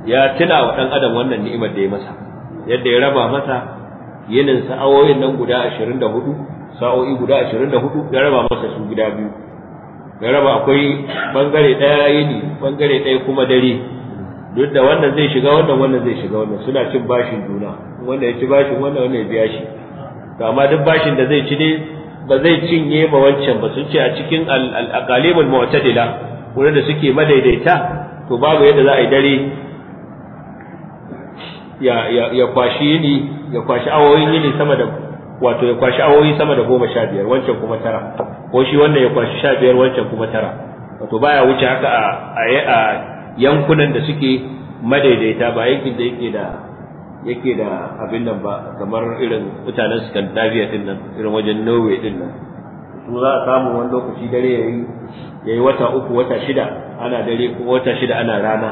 ya tuna wa dan adam wannan ni'imar da ya masa yadda ya raba masa yinin sa'awoyin nan guda 24 sa'o'i guda 24 ya raba masa su gida biyu ya raba akwai bangare daya yini bangare daya kuma dare duk da wannan zai shiga wannan wannan zai shiga wannan suna cin bashin juna wanda ya ci bashin wannan wannan ya biya shi to amma duk bashin da zai ci ne ba zai cinye ba wancan ba sun ce a cikin al-aqalimul mu'tadila wurin da suke madaidaita to babu yadda za a yi dare ya kwashi yini ya kwashi awoyin yini sama da wato ya kwashi awoyi sama da goma sha biyar wancan kuma tara ko shi wannan ya kwashi sha biyar wancan kuma tara wato baya wuce haka a a yankunan da suke madaidaita ba yankin da yake da yake da abin nan ba kamar irin mutanen Scandinavia din nan irin wajen Norway din nan su za a samu wani lokaci dare yayi yayi wata uku wata shida ana dare ko wata shida ana rana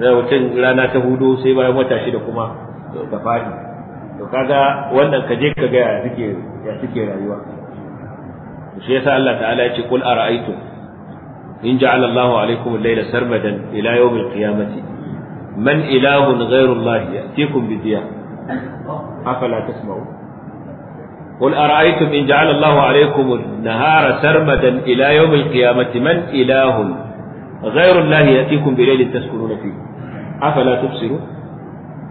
da mutum rana ta hudu sai bayan wata shida kuma ta fadi to kaga wannan ka je ka ga ya suke ya suke rayuwa shi yasa Allah ta'ala ya ce kul ara'aytum in ja'ala Allahu alaykum al-layla sarmadan ila yawm al-qiyamati man ilahun ghayru Allah ya'tikum bi diya afala tasma'un قل أرأيتم إن جعل الله عليكم النهار سرمدا إلى يوم القيامة من إله غير الله يأتيكم بليل تسكنون فيه أفلا تبصرون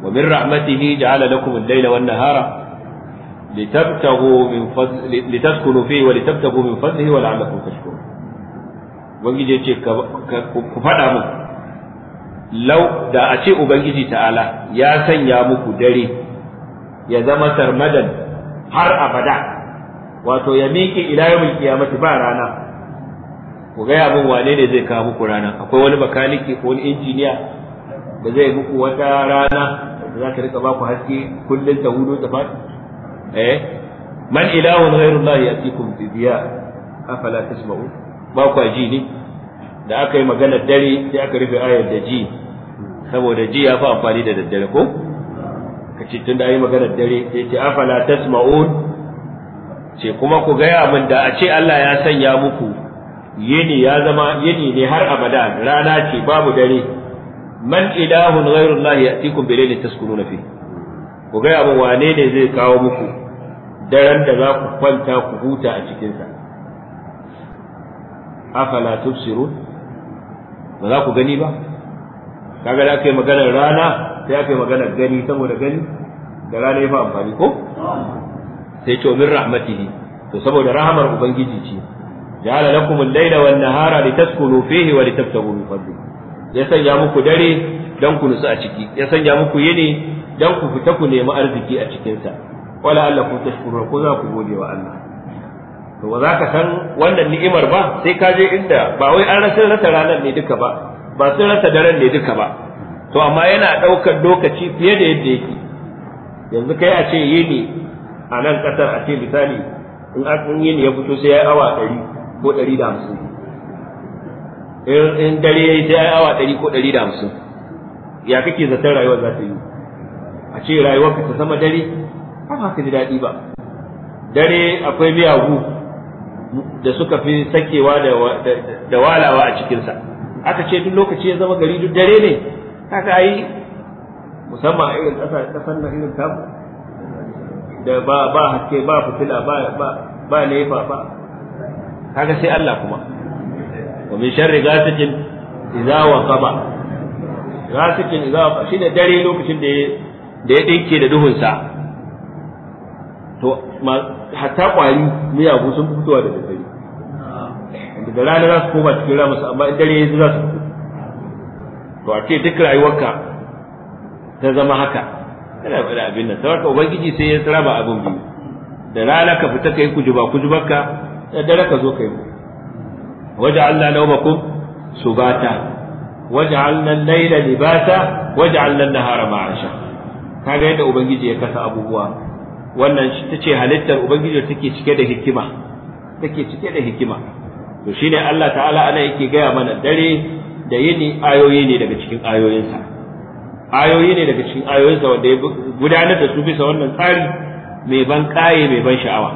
wa min rahmatihi ja'ala lakum al-layla wan nahara litabtaghu min fadli litaskunu fihi wa litabtaghu min fadlihi wa la'allakum tashkurun ubangiji ce ku fada mu lau da a ce ubangiji ta'ala ya sanya muku dare ya zama sarmadan har abada wato ya miƙe ila yawmil kiyamati ba rana ku ga min wane ne zai kawo muku rana akwai wani bakaniki ko wani injiniya da zai muku wata rana za ka rika ba ku haske kullum ta hudu ta fadi eh man ilahun ghairullah yatikum diya afala tasma'u ba ku ji ne da aka yi magana dare sai aka rufe ayar da ji saboda ji ya fi amfani da daddare ko ka ce tun da yi magana dare sai ce afala tasma'un ce kuma ku gaya min da a ce Allah ya sanya muku yini ya zama yini ne har abada rana ce babu dare man ilahun ghayrun lahi ya'tikum bilailin taskununa fi ku ga abu wane ne zai kawo muku daren da za ku kwanta ku huta a cikin sa afala tubsiru ba za ku gani ba kaga da aka yi maganar rana sai aka yi maganar gani saboda gani da rana ya fi amfani ko sai to min rahmatihi to saboda rahamar ubangiji ce ja'ala lakum al-laila wan nahara litaskunu fihi wa litabtaghu min fadlihi ya sanya muku dare dan ku nutsu a ciki ya sanya muku yini dan ku fita ku nemi arziki a cikinsa wala Allah ku tashkuru ko za ku gode wa Allah to ba za ka san wannan ni'imar ba sai ka je inda ba wai an rasa rata ranar ne duka ba ba sun rasa daren ne duka ba to amma yana ɗaukar lokaci fiye da yadda yake yanzu kai a ce yini a nan ƙasar a ce misali in an yini ya fito sai ya awa ɗari ko ɗari da hamsin in dare ya yi sai awa ɗari ko ɗari da hamsin ya kake zaton rayuwar za ta yi a ce rayuwar ka ta sama dare ba ma ka ji daɗi ba dare akwai miyagu da suka fi sakewa da walawa a cikinsa aka ce duk lokaci ya zama gari duk dare ne kaga yi musamman a irin ƙasar na irin tamu da ba haske ba fitila ba ba nefa ba kaga sai Allah kuma wa min sharri ghasiqin idza waqaba ghasiqin idza waqaba shine dare lokacin da da ya dinke da duhun sa to hatta kwari miyagu sun fitowa da dare da rana za su koma cikin ramus amma in dare yanzu za su fito to a ce duk rayuwarka ta zama haka kana bada abin nan saboda ubangiji sai ya tsara ba abin biyu da rana ka fita kai kujuba kujubarka da dare ka zo kai mu وجعلنا نومكم سباتا وجعلنا الليل لباسا وجعلنا النهار معاشا kaga yadda ubangiji ya kasa abubuwa wannan ta ce halittar ubangiji take cike da hikima take cike da hikima to shine Allah ta'ala ana yake gaya mana dare da yini ayoyi ne daga cikin ayoyinsa ayoyi ne daga cikin ayoyinsa wanda ya gudanar da su bisa wannan tsari mai ban kaye mai ban sha'awa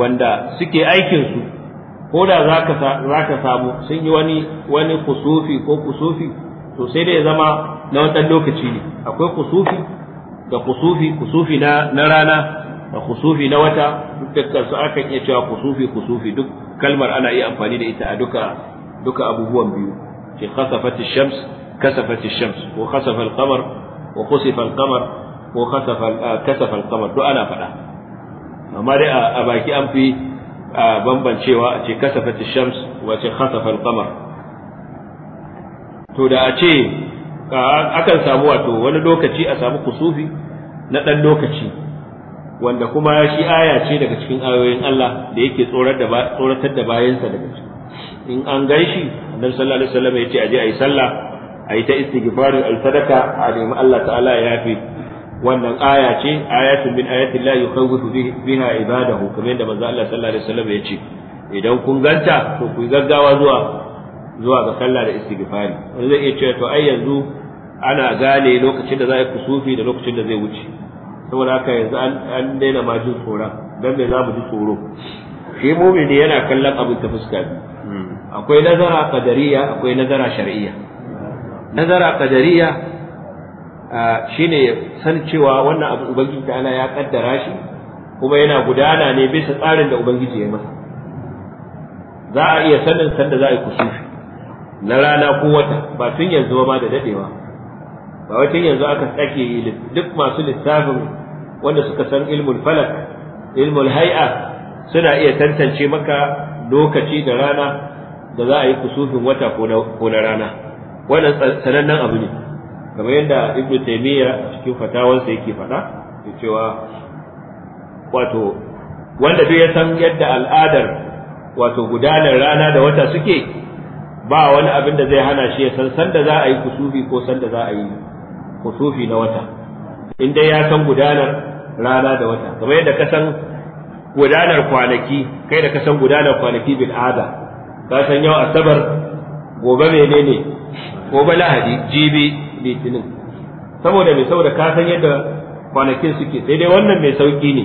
wanda suke aikin su ko da za ka samu sun yi wani wani kusufi ko kusufi to sai da ya zama na wani lokaci ne akwai kusufi da kusufi kusufi na rana da kusufi na wata dukkan su akan iya cewa kusufi kusufi duk kalmar ana iya amfani da ita a duka duka abubuwan biyu ce khasafati shams kasafati shams ko khasafa al-qamar wa khusifa al-qamar ko khasafa ah, kasafa al-qamar to ana faɗa amma dai a baki an fi a bambancewa a ce kasafat shams wa ce khasafa al to da a ce akan samu wato wani lokaci a samu kusufi na dan lokaci wanda kuma shi aya ce daga cikin ayoyin Allah da yake tsorar da tsoratar da bayansa daga ciki in an gaishi annabi sallallahu alaihi wasallam yace aje ayi sallah ayi ta istighfar al-sadaka a nemi Allah ta'ala ya yafi wannan aya ce ayatun min ayati llahi yukhawwifu biha ibadahu kamar yadda manzo Allah sallallahu alaihi wasallam ya ce idan kun ganta to ku gaggawa zuwa zuwa ga sallah da istighfari wanda zai iya cewa to ai yanzu ana gane lokacin da za a yi kusufi da lokacin da zai wuce saboda haka yanzu an daina ma jin tsoron dan me za mu ji tsoro shi mumini yana kallon abin ta fuska biyu akwai nazara qadariya akwai nazara shar'iyya nazara qadariya shi ya san cewa wannan abu ubangiji ta ala ya kaddara shi kuma yana gudana ne bisa tsarin da ubangiji ya masa za a iya sanin sanda za a yi kusufi na rana ko wata ba tun yanzu ba da dadewa ba wai tun yanzu aka tsake duk masu littafin wanda suka san ilmul falak ilmul hay'a suna iya tantance maka lokaci da rana da za a yi kusufin wata ko na rana wannan sanannen abu ne kamar yadda ibn taymiya cikin fatawansa yake faɗa da cewa wato wanda duk ya san yadda al'adar wato gudanar rana da wata suke ba wani abin da zai hana shi ya san sanda za a yi kusufi ko sanda za a yi kusufi na wata in dai ya san gudanar rana da wata kamar yadda ka san gudanar kwanaki kai da ka san gudanar kwanaki bil ada ka san yau asabar gobe menene gobe lahadi jibi litinin saboda mai saboda ka san yadda kwanakin suke sai dai wannan mai sauki ne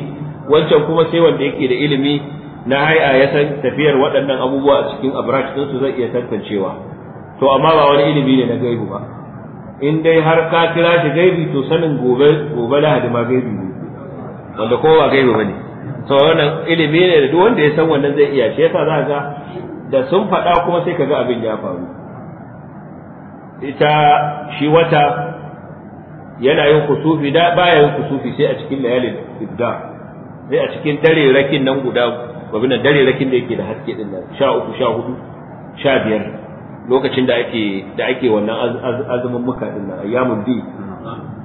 wancan kuma sai wanda yake da ilimi na hai'a ya san tafiyar waɗannan abubuwa a cikin abrash din su zai iya tantancewa to amma ba wani ilimi ne na gaibu ba in dai har ka kira shi gaibi to sanin gobe gobe lahadi ma gaibi ne wanda kowa gaibi bane to wannan ilimi ne da duk wanda ya san wannan zai iya shi yasa za ga da sun faɗa kuma sai ka ga abin ya faru ita shi wata yana yin kusufi da baya yin kusufi sai a cikin layalin ibda sai a cikin dare rakin nan guda nan dare rakin da yake da haske din nan sha uku sha hudu sha biyar lokacin da ake da ake wannan azumin muka din nan ayyamul bi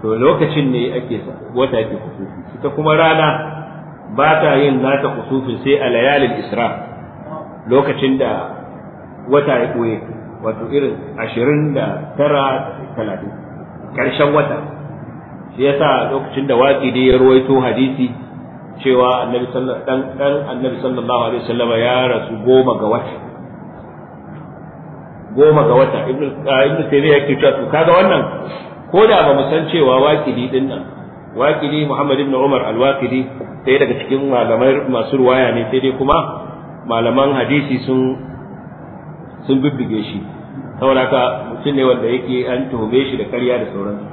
to lokacin ne ake wata yake kusufi ita kuma rana ba ta yin zata kusufi sai a layalin isra lokacin da wata ya koye wato irin ashirin da tara da talatin ƙarshen wata shi yasa lokacin da waƙi ne ya ruwaito hadisi cewa annabi dan dan annabi sallallahu alaihi wasallama ya rasu goma ga wata goma ga wata ibnu ibnu taymiya yake cewa to kaga wannan ko da ba mu san cewa waƙidi din nan waƙidi muhammad ibn umar al-waqidi sai daga cikin malamai masu ruwaya ne sai dai kuma malaman hadisi sun sun bibbige shi saboda haka mutum ne wanda yake an tuhume shi da karya da sauransu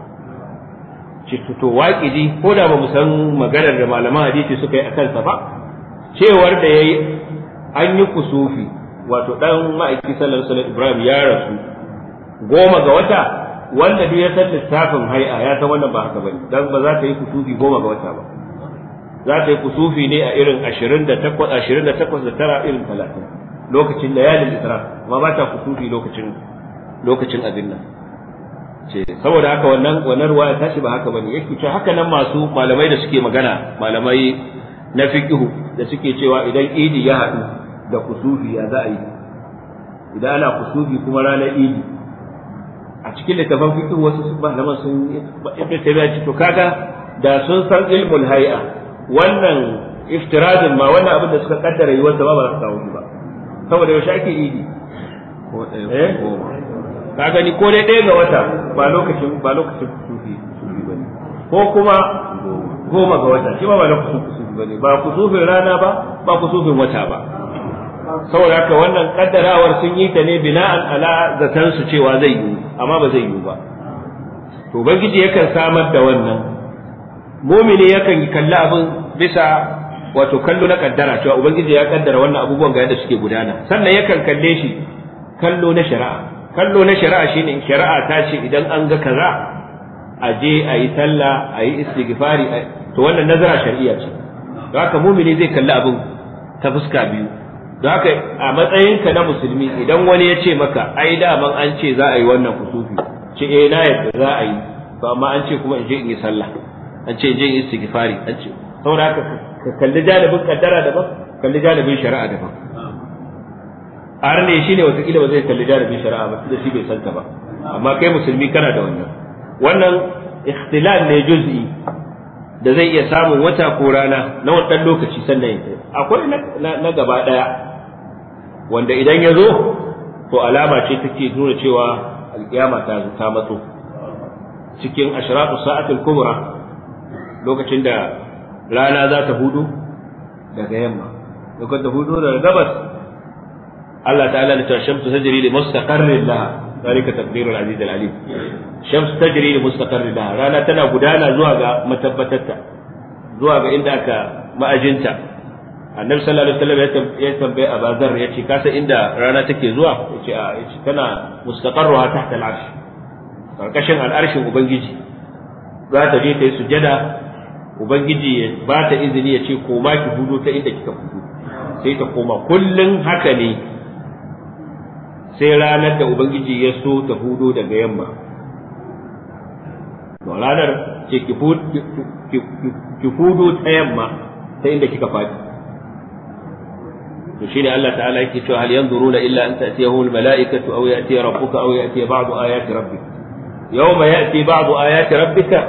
to ji ko da ba mu san maganar da malaman hadisi suka yi a kansa ba cewar da yayi an yi kusufi wato dan ma'aiki sallallahu alaihi Ibrahim ya rasu goma ga wata wanda duk ya san littafin hai'a ya san wannan ba haka bane dan ba za ta yi kusufi goma ga wata ba za ta yi kusufi ne a irin 28 29 da 9 irin 30 lokacin layalin isra amma ba ta kusufi lokacin lokacin abin nan ce saboda haka wannan wannan ruwaya tashi ba haka bane yake ce haka nan masu malamai da suke magana malamai na fiqhu da suke cewa idan idi ya haɗu da kusufi ya za a yi idan ana kusufi kuma ranar idi a cikin littafin fiqhu wasu malaman sun ibnu tabi'a ce to kaga da sun san ilmul hay'a wannan iftiradin ma wannan abin da suka kaddara yi wanda ba ba za su kawo ba saboda yaushe ake idi eh ka gani ko dai ɗaya ga wata ba lokacin ba lokacin kusufi ne ko kuma goma ga wata shi ba ba lokacin kusufi ne, ba kusufin rana ba ba kusufin wata ba saboda haka wannan kaddarawar sun yi ta ne bina'an ala zatan su cewa zai yi amma ba zai yi ba to ubangiji yakan samar da wannan mumini yakan kalli abin bisa wato kallo na kaddara cewa ubangiji ya kaddara wannan abubuwan ga yadda suke gudana sannan yakan kalle shi kallo na shari'a kallo na shari'a shine shari'a ta ce idan an ga kaza a je a yi sallah a yi istighfari to wannan nazara shari'a ce don haka mumini zai kalli abin ta fuska biyu don haka a matsayinka na musulmi idan wani ya ce maka ai daman an ce za a yi wannan kusufi ce eh na yadda za a yi to amma an ce kuma in je in yi sallah an ce in je in yi istighfari an ce saboda haka ka kalli jalibin kaddara ba kalli jalibin shari'a daban shi ne watakila ba zai kalli jalibin shari'a ba da shi bai santa ba amma kai musulmi kana da wannan wannan ikhtilal ne juz'i da zai iya samun wata ko rana na wannan lokaci sannan ya akwai na gaba daya wanda idan ya zo to alama ce take nuna cewa alkiyama ta ta mato cikin ashratu sa'atul kubra lokacin da rana za ta hudu daga yamma lokacin ta hudu daga gabas Allah ta'ala da cewa shamsu tajri li mustaqarrin la zalika taqdirul aziz al alim shamsu tajri li mustaqarrin la rana tana gudana zuwa ga matabbatarta zuwa ga inda aka ma'ajinta annabi sallallahu alaihi wasallam ya tambaye abazar ya ce sa inda rana take zuwa yace a yace tana mustaqarruha tahta al-arsh karkashin al-arshin ubangiji za ta je ta yi sujada ubangiji ya ba ta izini ya ce koma ki hudu ta inda kika fito sai ta koma kullun haka ne sai ranar da ubangiji ya so ta hudu daga yamma to ranar ce ki hudu ta yamma ta inda kika fadi to shine Allah ta'ala yake cewa hal yanzuruna illa an ta'tiyahu al-mala'ikatu aw ya'tiya rabbuka aw ya'tiya ba'du ayati rabbika yawma ya'ti ba'du ayati rabbika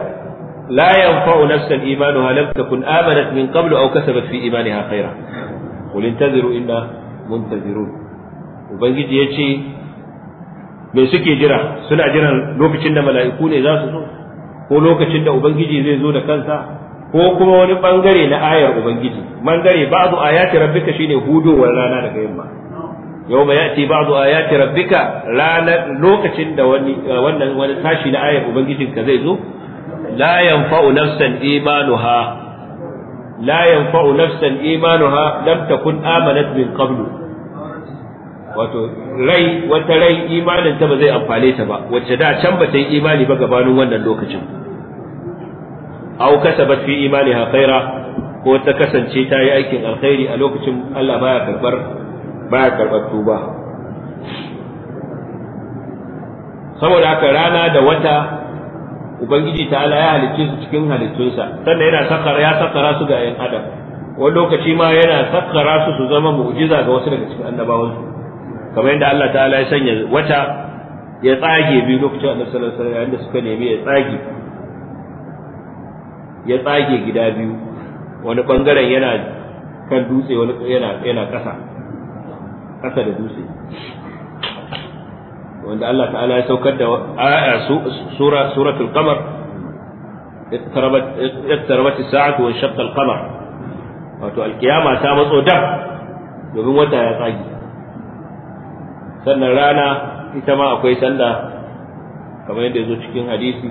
لا ينفع nafsan imanuha lam تكن amanat من قبل aw كسبت في imaniha خيرا قل انتظروا inna منتظرون ubangiji يجي me suke jira suna jiran lokacin da mala'iku ne za su zo ko lokacin da ubangiji zai zo da kansa ko kuma wani bangare na ayar ubangiji bangare ba'du ayati rabbika shine hudowar rana daga yamma yawma yati ba'du ayati rabbika lokacin da wani wannan wani tashi na ayar ubangijinka zai zo la yanfa'u nafsan imanuha la yanfa'u nafsan imanuha lam takun amanat min qablu wato rai wata rai imanin ta ba zai amfane ta ba wacce da can ba ta yi imani ba gabanin wannan lokacin aw kasabat fi imaniha khaira ko ta kasance ta yi aikin alkhairi a lokacin Allah baya karbar baya karbar tuba saboda haka rana da wata ubangiji ta'ala ya halicce su cikin halittunsa sannan yana sakara ya sakara su ga yan adam wani lokaci ma yana sakara su su zama mu'jiza ga wasu daga cikin annabawansu kamar yadda Allah ta'ala ya sanya wata ya tsage biyu lokacin annabi sallallahu alaihi wasallam da suka nemi ya tsage ya tsage gida biyu wani bangaren yana kan dutse wani yana yana ƙasa ƙasa da dutse wanda Allah ta'ala ya saukar da aya sura suratul qamar iqtarabat saatu wa shaqqa al-qamar wato alkiyama ta matso da, domin wata ya tsagi sannan rana ita ma akwai sallah kamar yadda ya zo cikin hadisi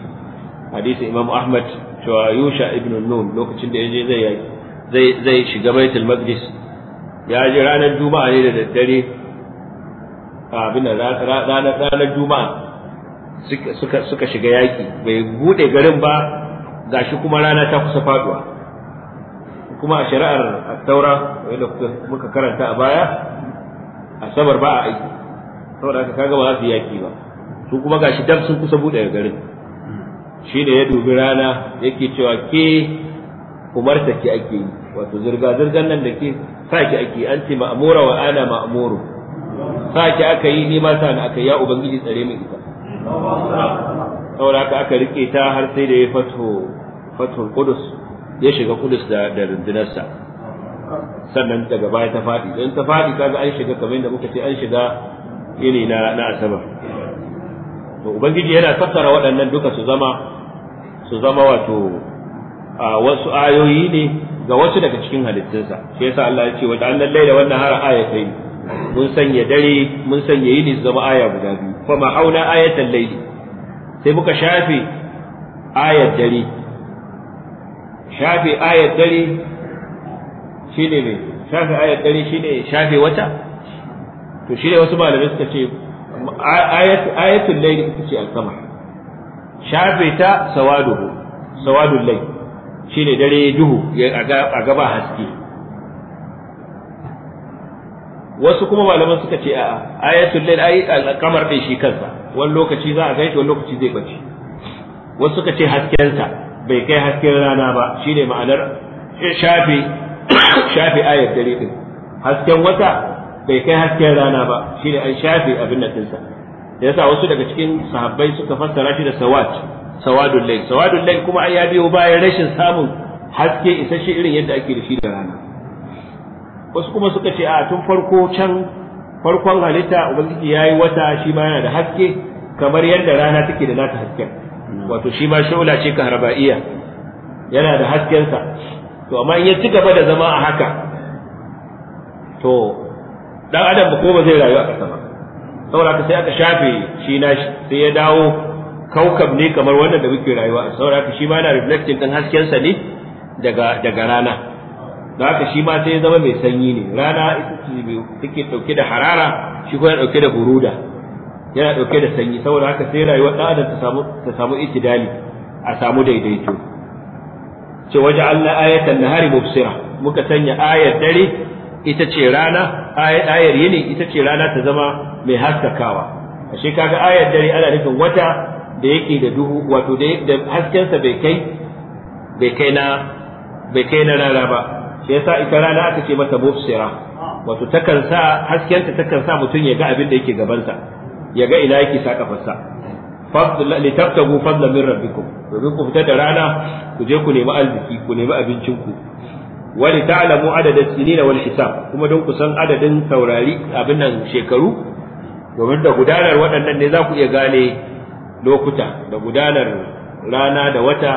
hadisi Imam Ahmad cewa Yusha ibn Nun lokacin da yaje zai zai zai shiga Baitul Maqdis ya ji ranar Juma'a ne da daddare abin ranar juma'a suka shiga yaki bai bude garin ba Ga shi kuma rana ta kusa faduwa kuma a shari'ar taura wanda muka karanta a baya asabar ba a aiki saboda haka kaga ba za su yaki ba su kuma ga shi dam sun kusa bude garin shi ne ya dubi rana yake cewa ke umarta ki ake yi wato zirga zirgan nan da ke sa ki ake an ce ma'amura wa ana ma'amuru sa aka yi ni ma sa ni aka ya ubangiji tsare mu ita saboda aka rike ta har sai da ya fato fato Kudus, ya shiga Kudus da da rundunarsa sannan daga baya ta fadi dan ta fadi kaga an shiga kamar yadda muka ce an shiga yini na na asabar to ubangiji yana tattara waɗannan duka su zama su zama wato a wasu ayoyi ne ga wasu daga cikin halittunsa shi yasa Allah ya ce wa ta'allal laila wannan har ayatai mun sanya dare mun sanya yini zama aya guda biyu fa ma auna ayatan layli sai muka shafe ayat dare shafe ayat dare shine ne shafe ayat dare shine shafe wata to shine wasu malamai suka ce ayatul layli ita ce al shafe ta sawadu sawadul layl shine dare duhu a gaba haske wasu kuma malaman suka ce a'a ayatul lail ay al-qamar din shi kansa wani lokaci za a gaishe wani lokaci zai bace wasu suka ce hasken sa bai kai hasken rana ba shine ma'anar shafi shafi ayat dare din hasken wata bai kai hasken rana ba shine an shafi abin nan dinsa da yasa wasu daga cikin sahabbai suka fassara shi da sawat sawadul lail sawadul lail kuma ai ya biyo bayan rashin samun haske isasshe irin yadda ake da shi da rana wasu kuma suka ce a tun farko can farkon halitta ubangiji yayi wata shi ma yana da haske kamar yadda rana take da nata hasken wato shi ma shaula ce kahrabaiya yana da haskensa to amma in ya ci gaba da zama a haka to dan adam ko ba zai rayu a ƙasa ba saboda haka sai aka shafe shi na sai ya dawo kaukab ne kamar wannan da muke rayuwa saboda haka shi ma yana reflecting din haskensa ne daga daga rana don haka shi ma sai ya zama mai sanyi ne rana ita ce take dauke da harara shi kuma yana dauke da buruda yana dauke da sanyi saboda haka sai rayuwar ɗan adam ta samu ta samu itidali a samu daidaito ce waje Allah ayatan nahari mubsira muka sanya ayar dare ita ce rana ayar yini ita ce rana ta zama mai haskakawa ashe kaga ayar dare ana nufin wata da yake da duhu wato da haskensa bai kai na bai kai na rana ba da yasa ita rana aka ce mata mubsira wato takan sa haskenta takan sa mutum ya ga abin da yake gabansa ya ga ina yake saka fassa litabtagu fadlan min rabbikum domin ku fita da rana ku je ku nemi arziki ku nemi abincin ku wa li ta'lamu adada sinina wal hisab kuma don ku san adadin saurari abin nan shekaru domin da gudanar waɗannan ne za ku iya gane lokuta da gudanar rana da wata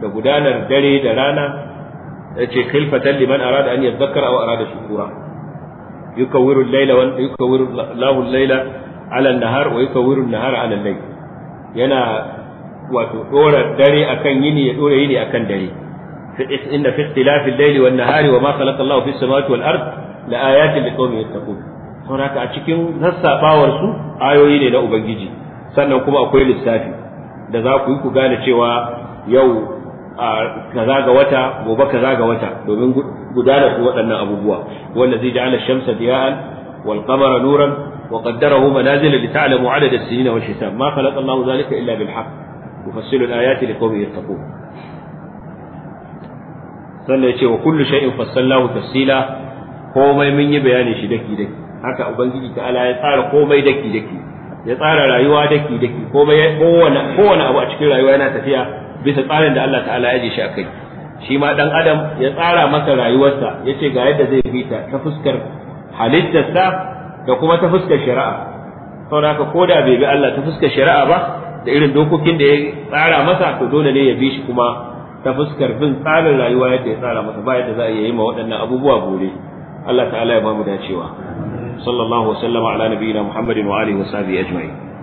da gudanar dare da rana yace khilfatan liman arada an yadhakkara aw arada shukura yukawwiru al-layla wa yukawwiru lahu al-layla ala an-nahar wa yukawwiru an-nahara ala al-layl yana wato dora dare akan yini ya dora yini akan dare fi ikhtilafi al-layli nahari wa ma khalaqa Allahu fi samawati wal-ard la ayatin yattaqun saboda a cikin sassafawar su ayoyi ne na ubangiji sannan kuma akwai lissafi da za ku yi ku gane cewa yau a kaza ga wata gobe kaza ga wata domin gudanar da waɗannan abubuwa wanda zai ja'ala shamsa diya'an wal qamara nuran wa qaddarahu manazila li ta'lamu 'adada as-sinina wa hisab ma khalaqa Allahu dhalika illa bil haqq yufassilu al-ayati liqawmin yattaqun sannan yace wa kullu shay'in fassalahu tafsila komai mun yi bayani shi daki daki haka ubangiji ta'ala ya tsara komai daki daki ya tsara rayuwa daki daki komai kowane kowane abu a cikin rayuwa yana tafiya bisa tsarin da Allah ta'ala ya ji shi akai shi ma dan adam ya tsara masa rayuwarsa yace ga yadda zai fita ta fuskar halittarsa da kuma ta fuskar shari'a saboda haka ko da bai bi Allah ta fuskar shari'a ba da irin dokokin da ya tsara masa to dole ne ya bi shi kuma ta fuskar bin tsarin rayuwa yadda ya tsara masa ba yadda za a yi ma waɗannan abubuwa gore Allah ta'ala ya ba mu dacewa sallallahu wasallama ala nabiyina muhammadin wa alihi wa sahbihi ajma'in